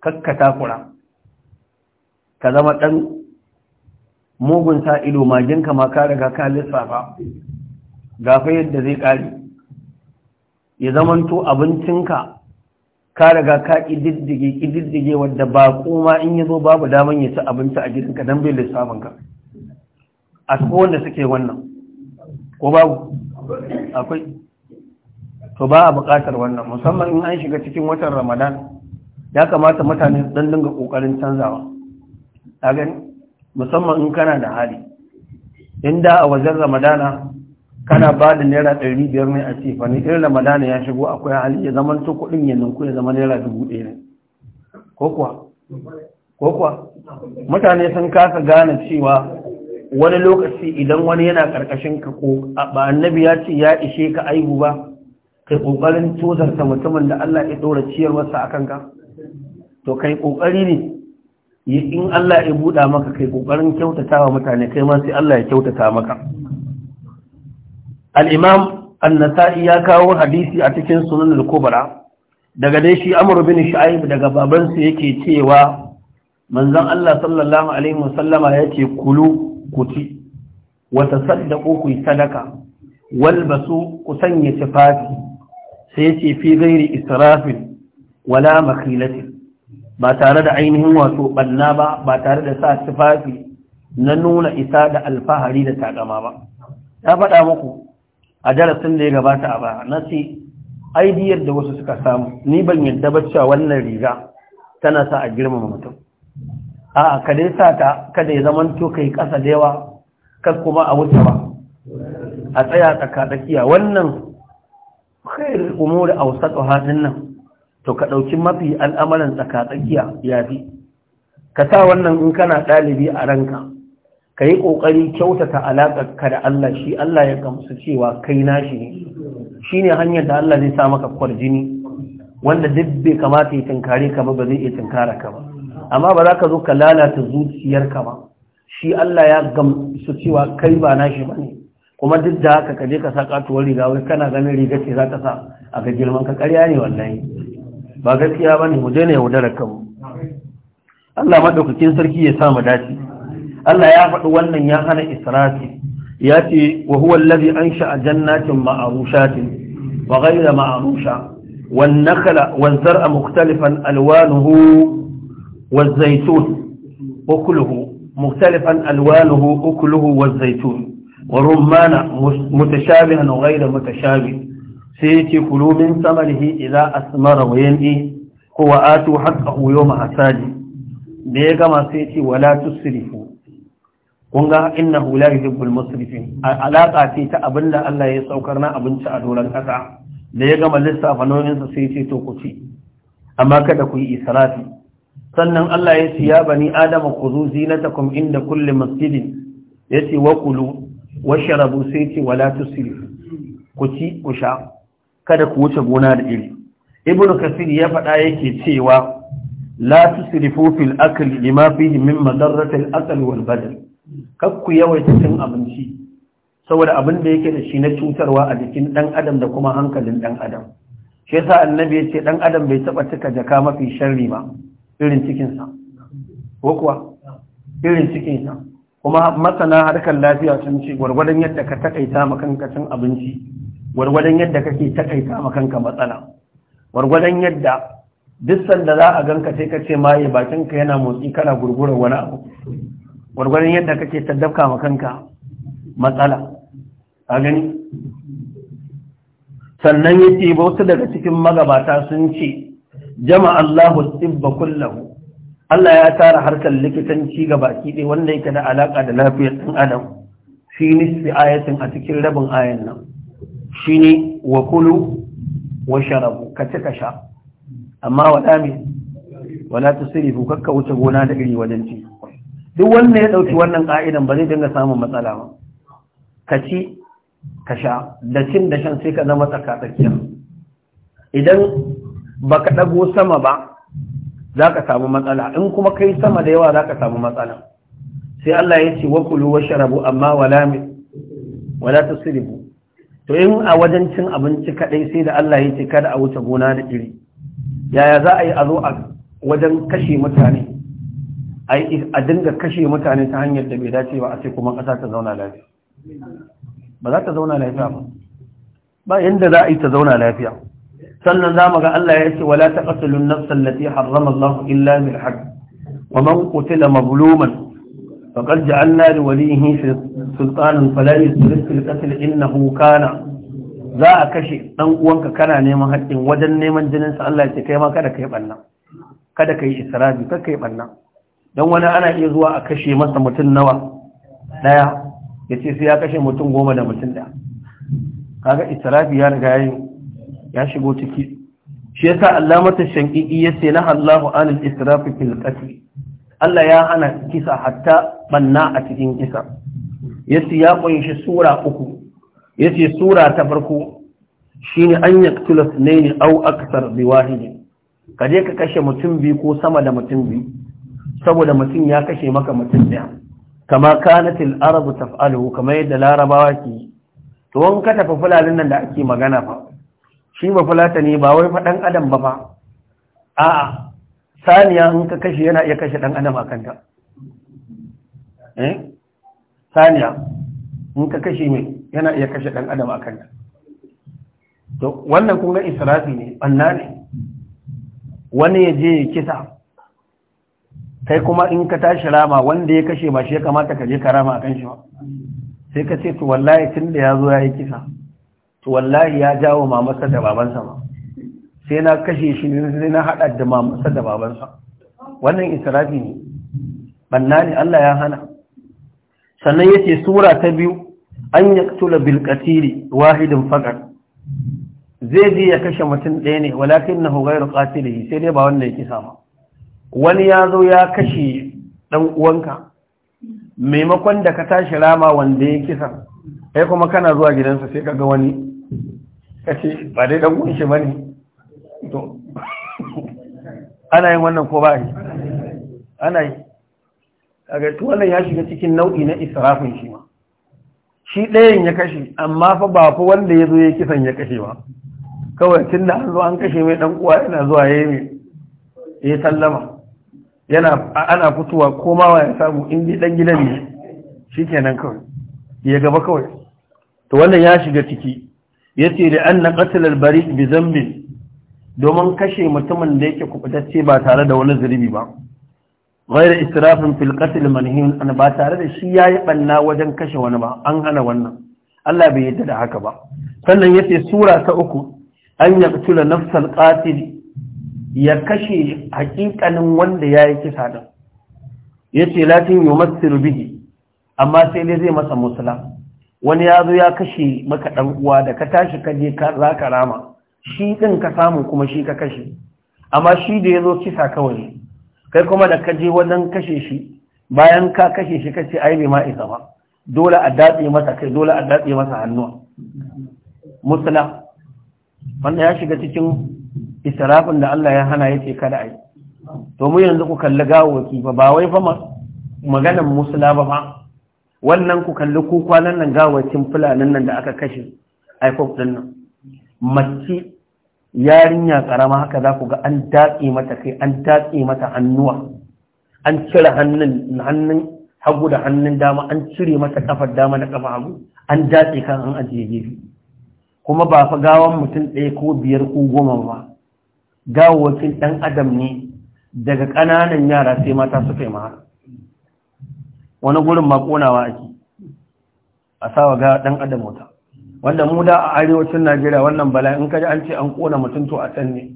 kakkata kura ka zama ɗan mugun sa ido maginka ma ka riga ka lissafa fa yadda zai ƙari ya zamanto abincinka ka riga ka ƙididdige ƙididdige wadda ba kuma in yi zo babu daman ya ci abinci a gidanka don bai lissafinka a wanda suke wannan ko babu akwai to ba a buƙatar wannan musamman in an shiga cikin watan ramadan ya kamata mutane don dinga ƙoƙarin canzawa a gani musamman in kana da hali inda a wajen ramadana kana ba da naira ɗari biyar ne a cefa ne irin ramadana ya shigo akwai hali ya zama to kuɗin ya ninku ya zama naira dubu ɗaya ne ko kuwa mutane sun kasa gane cewa wani lokaci idan wani yana karkashin ka ko ba annabi ya ce ya ishe ka aihu ba kai kokarin tozarta mutumin da Allah ya dora wasa akan ka to kai kokari ne in Allah ya buɗa maka kai kokarin wa mutane kai ma sai Allah ya kyautata maka al-imam an-nasa'i ya kawo hadisi a cikin sunan al-kubra daga dai shi amru bin shu'aib daga babansa yake cewa manzon Allah sallallahu alaihi wasallama yace kulu kuti wa tasaddaqu ku sadaka walbasu ku sanya tufafi sai ya ce fi gairi israfin wala makilatin ba tare da ainihin wato banna ba ba tare da sa tufafi na nuna isa da alfahari da takama ba ta faɗa muku a darasin da ya gabata a ba na ce aidiyar da wasu suka samu ni ban yadda ba cewa wannan riga tana sa a girmama mutum a ka dai sa ta kada ya zama to kai kasa da yawa kar kuma a wuce ba a tsaya tsaka tsakiya wannan khairul umuri awsatuha nan, to ka dauki mafi al'amuran tsakatsakiya yafi ka sa wannan in kana dalibi a ranka ka yi ƙoƙari kyautata ka da Allah shi Allah ya gamsu cewa kai nashi ne shi ne hanyar da Allah zai sa maka kwarjini wanda duk bai kamata ya tinkare ka ba ba zai iya tinkara ka ba amma ba za ka zo ka lalata zuciyarka ba shi Allah ya gamsu cewa kai ba nashi ba ne kuma duk da haka ka je ka sa katuwar riga wai kana ganin riga ce za ta sa a ga girman ka ƙarya ne wallahi ba gaskiya ba ne mu daina yaudarar kanmu Allah maɗaukakin sarki ya sa mu dace Allah ya faɗi wannan ya hana israfi ya ce wa huwa allazi ansha jannatin ma'arushatin wa ghayra ma'arusha wan nakala wan zar'a mukhtalifan alwanuhu wa zaytun ukluhu mukhtalifan alwanuhu ukluhu waz zaytun wa rumana mutashabihan wa ghayra mutashabih sai yace kulu min samarihi idza asmara wa yanbi huwa atu haqqahu yawma hasadi da ya gama sai yace wala tusrifu kun ga innahu la yuhibbul musrifin alaka ce ta abinda Allah ya saukar na abinci a doran kasa da ya gama lissafa noninsa sai ce to ku ci amma kada ku yi israfi sannan Allah ya ce bani adama ku zu zinatakum inda kulli masjidin ya ce wa kulu washarabu sai ce wala tusrifu ku ci ku sha kada ku wuce gona da iri ibnu kasir ya faɗa yake cewa la tusrifu fil akli lima fihi min madarratil aqli wal yawaita cin abinci saboda abin da yake da shi na cutarwa a jikin dan adam da kuma hankalin dan adam shi yasa annabi ya ce dan adam bai taba cika jaka mafi sharri ba irin ko kuwa irin cikinsa kuma masana harkar lafiya sun ce gwargwadon yadda ka takaita makanka cin abinci gwargwadon yadda kake takaita makanka matsala gwargwadon yadda duk sanda za a ganka sai ka ce maye bakinka yana motsi kana gurgura wani abu gwargwadon yadda kake taddafka makanka matsala a gani sannan yake ba wasu daga cikin magabata sun ce jama'a Allahu tibba kullahu Allah ya tara harkar likitanci ga baki ɗaya wanda yake da alaƙa da lafiyar ɗan adam fi ayatin a cikin rabin ayan nan ne wa kulu wa sharabu ka ci ka sha amma wa dami wala tusrifu kakka wuce gona da iri wajen ci duk wanda ya ɗauki wannan ƙa'idan ba zai dinga samun matsala ba ka ci ka sha da cin da shan sai ka zama tsaka Idan idan baka ɗago sama ba za ka samu matsala in kuma kai sama da yawa za ka samu matsala sai Allah ya ce wa kulu wa sharabu amma wala wala to in a wajen cin abinci kadai sai da Allah ya ce kada a wuce gona da iri yaya za a yi a zo a wajen kashe mutane a dinga kashe mutane ta hanyar da bai dace ba a ce kuma kasa ta zauna lafiya ba za ta zauna lafiya ba ba yadda za a yi ta zauna lafiya sannan za mu ga Allah ya ce wala ta taqtulun nafsan allati harrama Allah illa bil haqq wa man qutila mazluman faqad ja'alna li walihi sultanan fala yusrif fil qatl innahu kana za a kashe dan uwanka kana neman haƙƙin wajen neman jinin sa Allah ya ce kai ma kada kai banna kada kai israfi kada kai banna dan wani ana iya zuwa a kashe masa mutum nawa daya yace sai ya kashe mutum goma da mutum daya kaga israfi ya riga yayin ya shigo ciki shi yasa allamata Ya yace na Allahu anil israfi fil qatl Allah ya hana kisa hatta banna a cikin kisa ce ya ƙunshi sura uku yace sura ta farko shine an yaqtula ne aw akthar bi wahid kaje ka kashe mutum biyu ko sama da mutum biyu saboda mutum ya kashe maka mutum daya kama kanatil arabu taf'aluhu kamar yadda larabawa ke to ka tafi fulalin nan da ake magana fa shi ba fulata ne ba wai faɗan adam ba ba a saniya in ka kashe yana iya kashe ɗan adam a kanta eh? saniya in ka kashe mai yana iya kashe ɗan adam a kanta to wannan kun ga israfi ne ɓanna ne wani ya je ya kisa kai kuma in ka tashi rama wanda ya kashe ba shi ya kamata ka je ka rama a kan shi ba sai ka ce to wallahi tun da ya zo ya yi kisa wallahi ya jawo mamarsa da babansa ba sai na kashe shi ne na haɗa da mamarsa da babansa wannan israfi ne banna ne Allah ya hana sannan yace sura ta biyu an yaktula bil qatili wahidin faqat zai je ya kashe mutum ɗaya ne walakin na hogayar ƙatilihi sai dai ba wanda yake sama wani ya zo ya kashe ɗan uwanka maimakon da ka tashi rama wanda ya kisa kai kuma kana zuwa gidansa sai ka ga wani kace ba dai dan gunshi bane to ana yin wannan ko ba yi ana yi kaga to wannan ya shiga cikin nau'i na israfin shi ma shi ɗayan ya kashe amma fa ba fa wanda ya zo ya kisan ya kashe ba kawai tun da an zo an kashe mai dan uwa yana zuwa ya yi ya sallama yana ana fitowa komawa ya samu in dan gidan ne shikenan kawai ya gaba kawai to wannan ya shiga ciki yace da anna qatl bari bi domin kashe mutumin da yake kubutacce ba tare da wani zurbi ba ghayra israfin fil qatl manhiyun an ba tare da shi yayi banna wajen kashe wani ba an hana wannan Allah bai yadda da haka ba sannan yace sura ta uku an yaqtula nafsal qatil ya kashe hakikanin wanda yayi kisa din yace latin yumassiru bihi amma sai dai zai masa musula wani ya zo ya kashe maka ɗan uwa da ka tashi ka je za ka rama shi ɗin ka samu kuma shi ka kashe amma shi da ya zo kisa kawai kai kuma da ka je wajen kashe shi bayan ka kashe shi kace ai bai ma isa ba dole a datse masa kai dole a datse masa hannuwa musula wanda ya shiga cikin israfin da Allah ya hana yace kada ai to mu yanzu ku kalli gawo ba ba wai fa maganan musula ba ba wannan ku kalli ko kwanan nan gawacin fulanin nan da aka kashe aikop din nan mace yarinya karama haka za ku ga an datse mata kai an datse mata hannuwa an cire hannun hagu da hannun dama an cire mata kafar dama da kafa hagu an datse kan an ajiye gefe kuma ba fa gawan mutum ɗaya ko biyar ko goma ba gawawacin ɗan adam ne daga ƙananan yara sai mata suka yi mahara wani gurin ma ake a sawa ga dan adam wuta wanda mu da a arewacin Najeriya wannan bala in kaji an ce an kona mutum to a can ne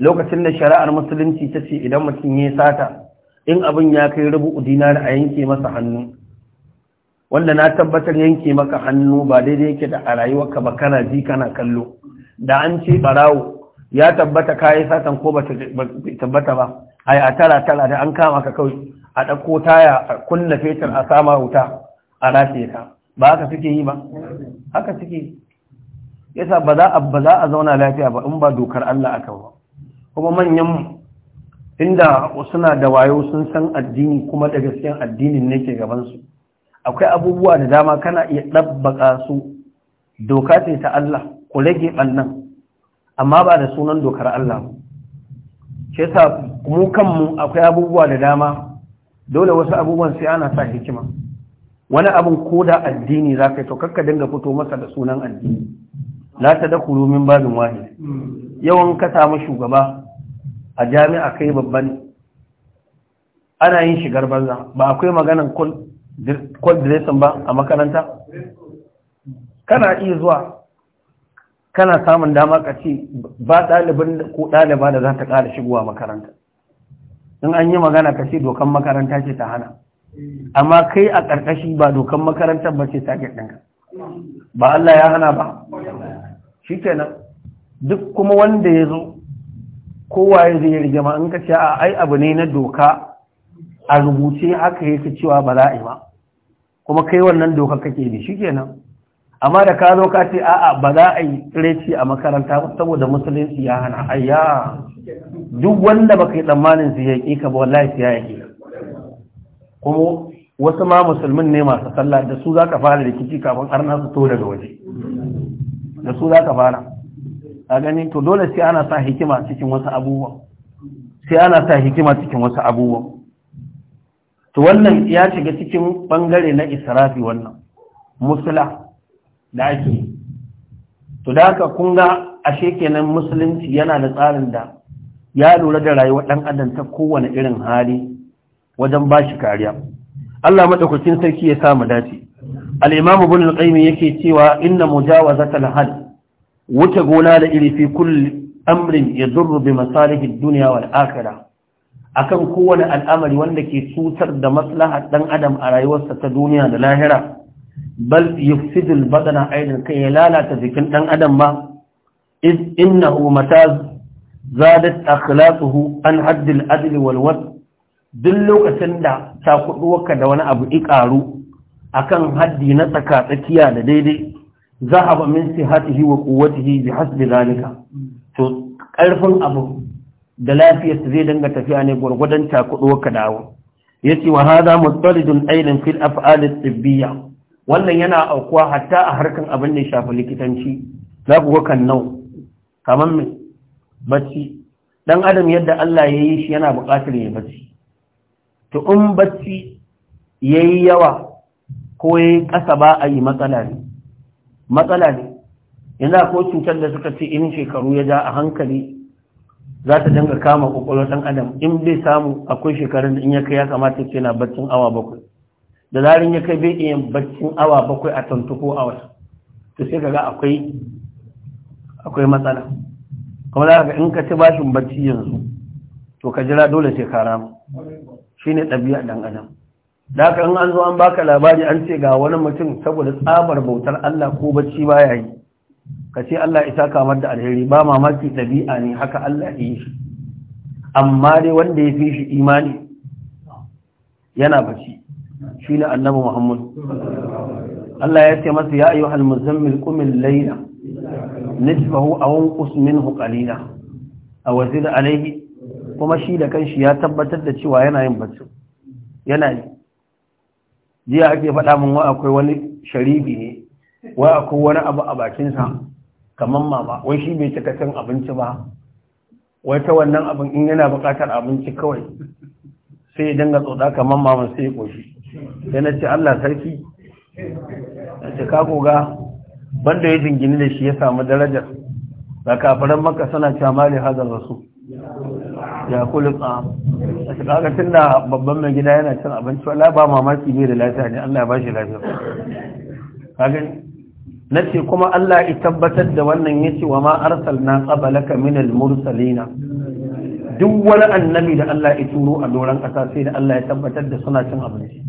lokacin da shari'ar musulunci ta ce idan mutum ya sata in abin ya kai rubu da a yanke masa hannu wanda na tabbatar yanke maka hannu ba daidai yake da a rayuwarka ba kana ji kana kallo da an ce barawo ya tabbata kayi satan ko ba tabbata ba ai a tara tara da an kama ka kawai a ɗauko taya a kunna fetur a sama wuta a rafe ka ba haka suke yi ba haka suke yasa ba za a ba za a zauna lafiya ba in ba dokar Allah aka ba kuma manyan inda suna da wayo sun san addini kuma da gaskiyan addinin ne ke gaban su akwai abubuwa da dama kana iya dabbaka su doka ce ta Allah ku rage ɓannan, amma ba da sunan dokar Allah ba shi yasa mu kanmu akwai abubuwa da dama dole wasu abubuwan sai ana sa hikima wani abin koda addini za ka to dinga fito masa da sunan addini la ta da min babin wahid yawan ka samu shugaba a jami'a kai babban ana yin shigar banza ba akwai maganan kwal dresin ba a makaranta kana iya zuwa kana samun dama ka ce ba ɗalibin ko ɗaliba da za ta ƙara shigowa makaranta in an yi magana ka ce dokan makaranta ce ta hana amma kai a ƙarƙashi ba dokan makarantar ba ce target ɗinka ba Allah ya hana ba shi kenan duk kuma wanda ya zo kowa ya zai ma in ka ce a ai abu ne na doka a rubuce haka yake cewa ba za a yi ba kuma kai wannan doka kake bi shi kenan amma da ka zo ka ce a'a ba za a yi tsireci a makaranta ba saboda musulunci ya hana ayya duk wanda baka yi tsammanin su yaƙi ka ba wallahi su yaƙi kuma wasu ma musulmin ne masu sallah da su za ka fara rikici kafin arna su to daga waje da su za ka fara a gani to dole sai ana sa hikima cikin wasu abubuwa sai ana sa hikima cikin wasu abubuwa to wannan ya shiga cikin bangare na israfi wannan musula daki to da ka kun ga ashe musulunci yana da tsarin da ya lura da rayuwar ɗan adam ta kowane irin hali wajen ba shi kariya Allah madaukakin sarki ya mu dace al-imamu ibn al-qayyim yake cewa inna mujawazatal had wuce gona da iri fi kulli amrin yadur bi masalihi ad-dunya wal akhirah akan kowane al'amari wanda ke cutar da maslahar dan adam a rayuwarsa ta duniya da lahira bal yufsidul badana aidan kai ya lalata jikin dan adam ma iz innahu mata zadat akhlaquhu an haddil adl wal wad duk lokacin da ta kuduwarka da wani abu ikaru akan haddi na tsaka tsakiya da daidai zahaba min sihatihi wa quwwatihi bi hasbi zalika to karfin abu da lafiyarsa zai danga tafiya ne gwargwadon takuduwarka da awo yace wa hada mustaridun aidan fil af'al at-tibbiyya wannan yana aukuwa hatta a harkar abin da ya shafi likitanci za ku ga kan nau kamar mai bacci dan adam yadda Allah ya yi shi yana buƙatar ya bacci to in bacci ya yi yawa ko ya yi ƙasa ba a yi matsala ne matsala ne yana ko cutar da suka ce in shekaru ya ja a hankali za ta dinga kama ƙwaƙwalwar ɗan adam in bai samu akwai shekarun da in ya kai ya kamata ce na baccin awa bakwai da larin ya kai bai yin baccin awa bakwai a tantuko a wata to sai kaga akwai akwai matsala kuma za ka in ka ci bashin bacci yanzu to ka jira dole sai ka rama shine ɗabi'a ɗan adam da haka in an zo an baka labari an ce ga wani mutum saboda tsabar bautar Allah ko bacci baya yi ka ce Allah isa kamar da alheri ba mamaki ɗabi'a ne haka Allah ya yi shi amma dai wanda ya fi shi imani yana bacci shine annabi Muhammad Allah ya ce masa ya ayyuhal muzammil qum al-layla nisfahu aw unqus minhu qalila aw zid alayhi kuma shi da kanshi ya tabbatar da cewa yana yin bacci yana yi jiya ake faɗa min wa akwai wani sharibi ne wa akwai wani abu a bakinsa kamar mama wai shi bai cika cin abinci ba wai ta wannan abin in yana bukatar abinci kawai sai ya dinga tsoda kamar mama sai ya ƙunshi. sai na ce Allah sarki na ce ka koga banda ya jingini da shi ya samu darajar da kafaran maka suna cewa da hazar rasu ya kulu tsam a ah. shi kaga tun da babban mai gida yana cin abinci wala ba mamaki ne da lafiya ne Allah ya ba shi lafiya kaga na ce kuma Allah ya tabbatar da wannan ya ce wa ma arsalna qabalaka min al-mursalina duk wani annabi da Allah ya turo a doron ƙasa sai da Allah ya tabbatar da suna cin abinci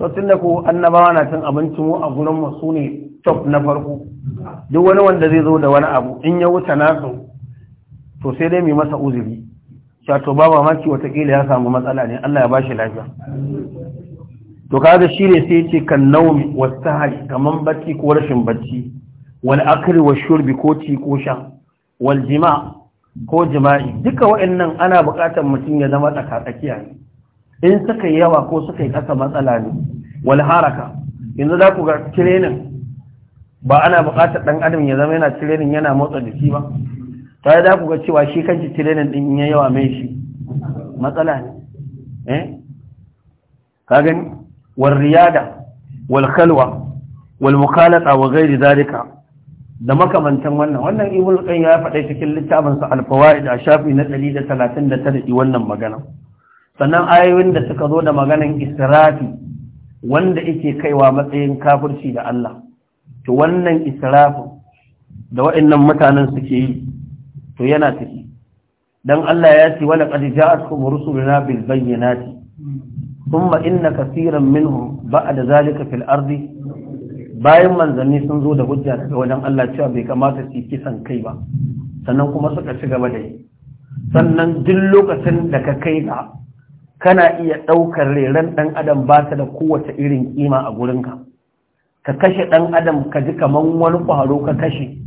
to tun da ku annabawa na cin abinci mu a gurin mu su ne top na farko duk wani wanda zai zo da wani abu in ya wuce nasu to sai dai mai masa uzuri sha to ba mamaki watakila ya samu matsala ne Allah ya ba shi lafiya to kaga shi ne sai ce kan naumi wasu kaman bacci ko rashin bacci wal akri wa shurbi ko ci ko sha wal jima ko jima'i duka wa'annan ana buƙatar mutum ya zama tsakatsakiya ne in suka yi yawa ko suka yi ƙasa matsala ne wani haraka yanzu za ku ga tirenin ba ana buƙatar ɗan adam ya zama yana tirenin yana motsa jiki ba ta za ku ga cewa shi kanci tirenin ɗin ya yawa mai shi matsala ne eh ka gani wal riyada wal khalwa wal mukhalata wa ghairi zalika da makamantan wannan wannan ibul qayyim ya faɗa cikin littafin sa al-fawaid a shafi na 139 wannan magana sannan ayoyin da suka zo da maganan israfi wanda yake kaiwa matsayin kafirci da Allah to wannan israfin da waɗannan mutanen suke yi to yana ciki dan Allah ya ce wala qad ja'atkum rusuluna bil bayyinati thumma inna minhu minhum ba'da zalika fil ardi bayan manzanni sun zo da hujja daga wajen Allah cewa bai kamata su kisan kai ba sannan kuma suka ci gaba da yi sannan duk lokacin da ka kai ga kana iya ɗaukar reran ɗan adam ba ta da kowace irin kima a gurinka ka kashe ɗan adam ka ji kamar wani ƙwaro ka kashe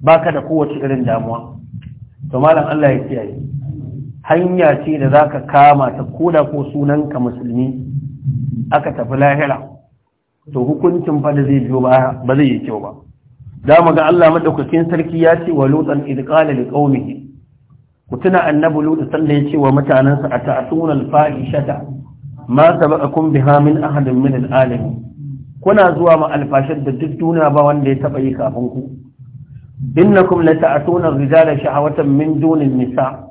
ba ka da kowace irin damuwa to malam Allah ya kiyaye hanya ce da za ka kama ta koda ko sunanka musulmi aka tafi lahira to hukuncin fa da zai biyo ba zai yi kyau ba za mu ga Allah madaukakin sarki ya ce wa lutan idqala liqaumihi ku tuna annabi lut sanda ya ce wa mutanansa a al-fahishata ma sabaqakum biha min ahadin min al-alamin kuna zuwa ma alfashar da duk duniya ba wanda ya taba yi kafin ku innakum lata'tuna ar-rijala shahawatan min dunin nisa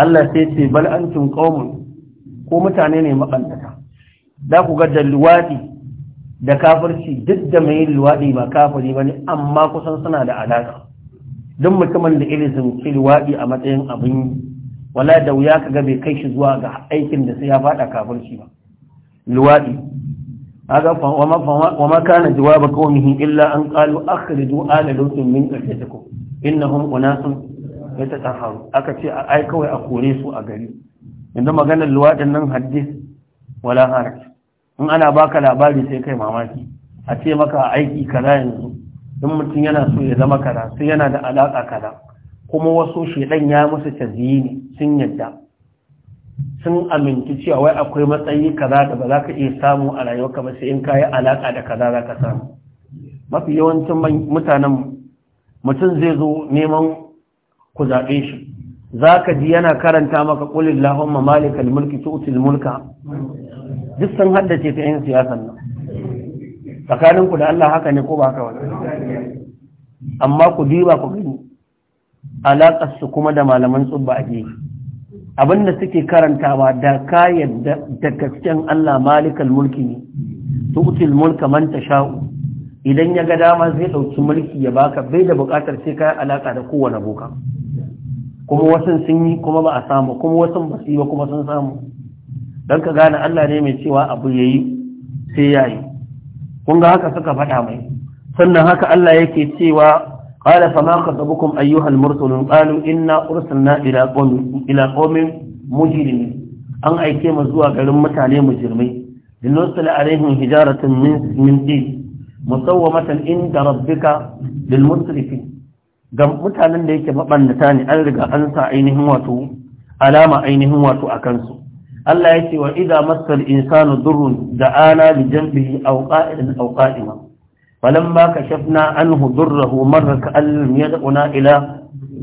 Allah sai ce bal antum qaumun ko mutane ne mabandata da ku ga da luwaɗi da kafirci duk da mai luwadi ba kafiri bane amma kusan suna da alaka duk mutumin da ilisin kilwaɗi a matsayin abin wala da wuya ka ga bai kai shi zuwa ga aikin da sai ya faɗa kafin shi ba luwaɗi aga wa ma kana jawaba qaumihi illa an qalu akhriju ala lutun min qaryatikum innahum unasun yatatahharu aka ce a ai kawai a kore su a gari yanzu maganar luwaɗin nan hadis wala haraj in ana baka labari sai kai mamaki a ce maka aiki kaza yanzu in mutum yana so ya zama kaza sai yana da alaƙa kaza kuma wasu shedan ya musu ne, sun yadda sun aminci cewa wai akwai matsayi kaza da ba za ka iya samu a rayuwarka ba sai in ka yi alaka da kaza za ka samu mafi yawancin mutanen mutum zai zo neman ku zaɓe shi za ka ji yana karanta maka ƙulin lahon mamalikal mulki tutil mulka duk sun haddace ta yin siyasan nan tsakaninku da Allah haka ne ko ba haka wani amma ku diba ku gani alaƙarsu kuma da malaman tsubba ake da abinda suke karantawa da kayan da gasken Allah malikal mulki ne tukutil mulka man sha'u idan ya ga dama zai ɗauki mulki ya baka bai da buƙatar sai kayan alaƙa da kowane boka kuma wasan sun yi kuma ba a samu kuma wasan ba su yi ba kuma sun samu don ka gane Allah ne mai cewa abu ya yi sai ya yi kun ga haka suka faɗa mai sannan haka Allah yake cewa qala fa ma khatabukum ayyuhal mursalun qalu inna ursilna ila qaumin ila qaumin mujrimin an aike mu zuwa garin mutane mujrimai linusil alaihim hijaratan min min din musawwamatan inda rabbika lil musrifin ga mutanen da yake mabannata ne an riga an sa ainihin wato alama ainihin wato akan su Allah ya ce wa idza massal insanu da ana bi janbihi aw qa'idan aw qa'ima falamma kashafna anhu durrahu marra ka'allam yad'una ila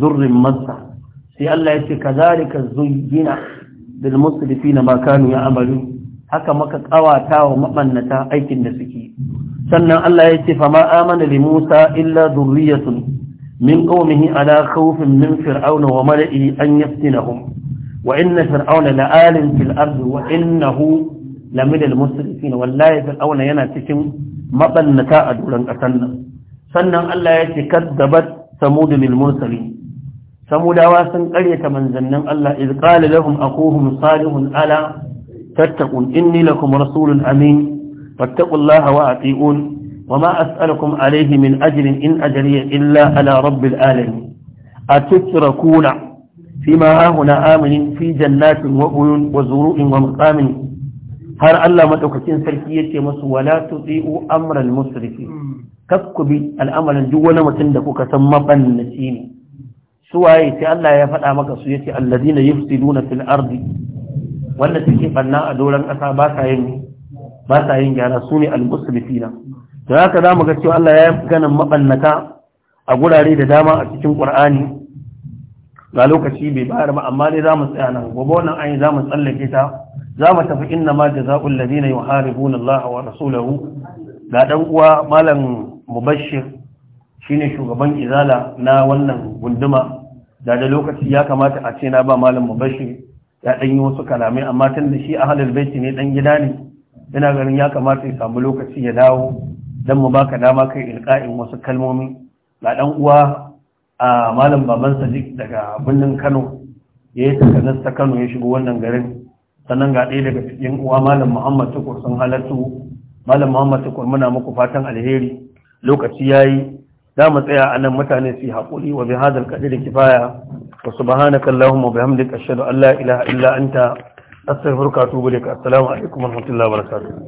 durrin masa. sai Allah ya ce kazalika da lil na ma kanu ya'malu haka maka kawata wa mabannata aikin da suke sannan Allah ya ce fama amana li Musa illa durriyatun min qaumihi ala khawfin min fir'auna wa mala'i an yaftinahum وإن فرعون لآل في الأرض وإنه لمن المسرفين والله فرعون ينا تكن مبن نتاء دولا أتنا سنة الله يتكذبت ثمود للمرسلين ثمود واسن قرية من زنم الله إذ قال لهم أخوهم صالح ألا تتقون إني لكم رسول أمين فاتقوا الله وأطيعون وما أسألكم عليه من أجل إن أجري إلا على رب العالمين أتتركون فيما ها هنا آمن في جنات وعيون وزروع ومقام har Allah madaukakin sarki ce masu wala tuti'u amral musrifi kakkubi al'amalan duk wani mutum da kuka san mabannaci ne su waye sai Allah ya faɗa maka su yace alladina yufsiduna fil ardi wanda suke banna a doran ƙasa ba sa yin ba sa yin gyara su ne al musrifina da haka zamu ga cewa Allah ya ganin mabannata a gurare da dama a cikin Qur'ani ga lokaci bai bayar ba amma dai zamu tsaya nan gobe wannan ayi mu tsallake ta zamu tafi inna ma jazaa'ul ladina yuharibuna Allah wa rasulahu ga dan uwa malam mubashir shine shugaban izala na wannan gunduma da da lokaci ya kamata a ce na ba malam mubashir ya dan yi wasu kalamai amma tun da shi ahlul baiti ne dan gida ne ina ganin ya kamata ya samu lokaci ya dawo dan mu baka dama kai ilqa'in wasu kalmomi ga dan uwa a malam baban sadiq daga birnin kano ya yi takanas ta kano ya shigo wannan garin sannan ga ɗaya daga cikin uwa malam muhammad tukur sun halattu malam muhammad tukur muna muku fatan alheri lokaci ya yi za mu tsaya a nan mutane su yi haƙuri wa bihadar kaɗirin kifaya wa subhanaka allahumma bihamdika ashhadu an la ilaha illa anta astaghfiruka wa atubu ilaik assalamu alaikum wa rahmatullahi wa barakatuh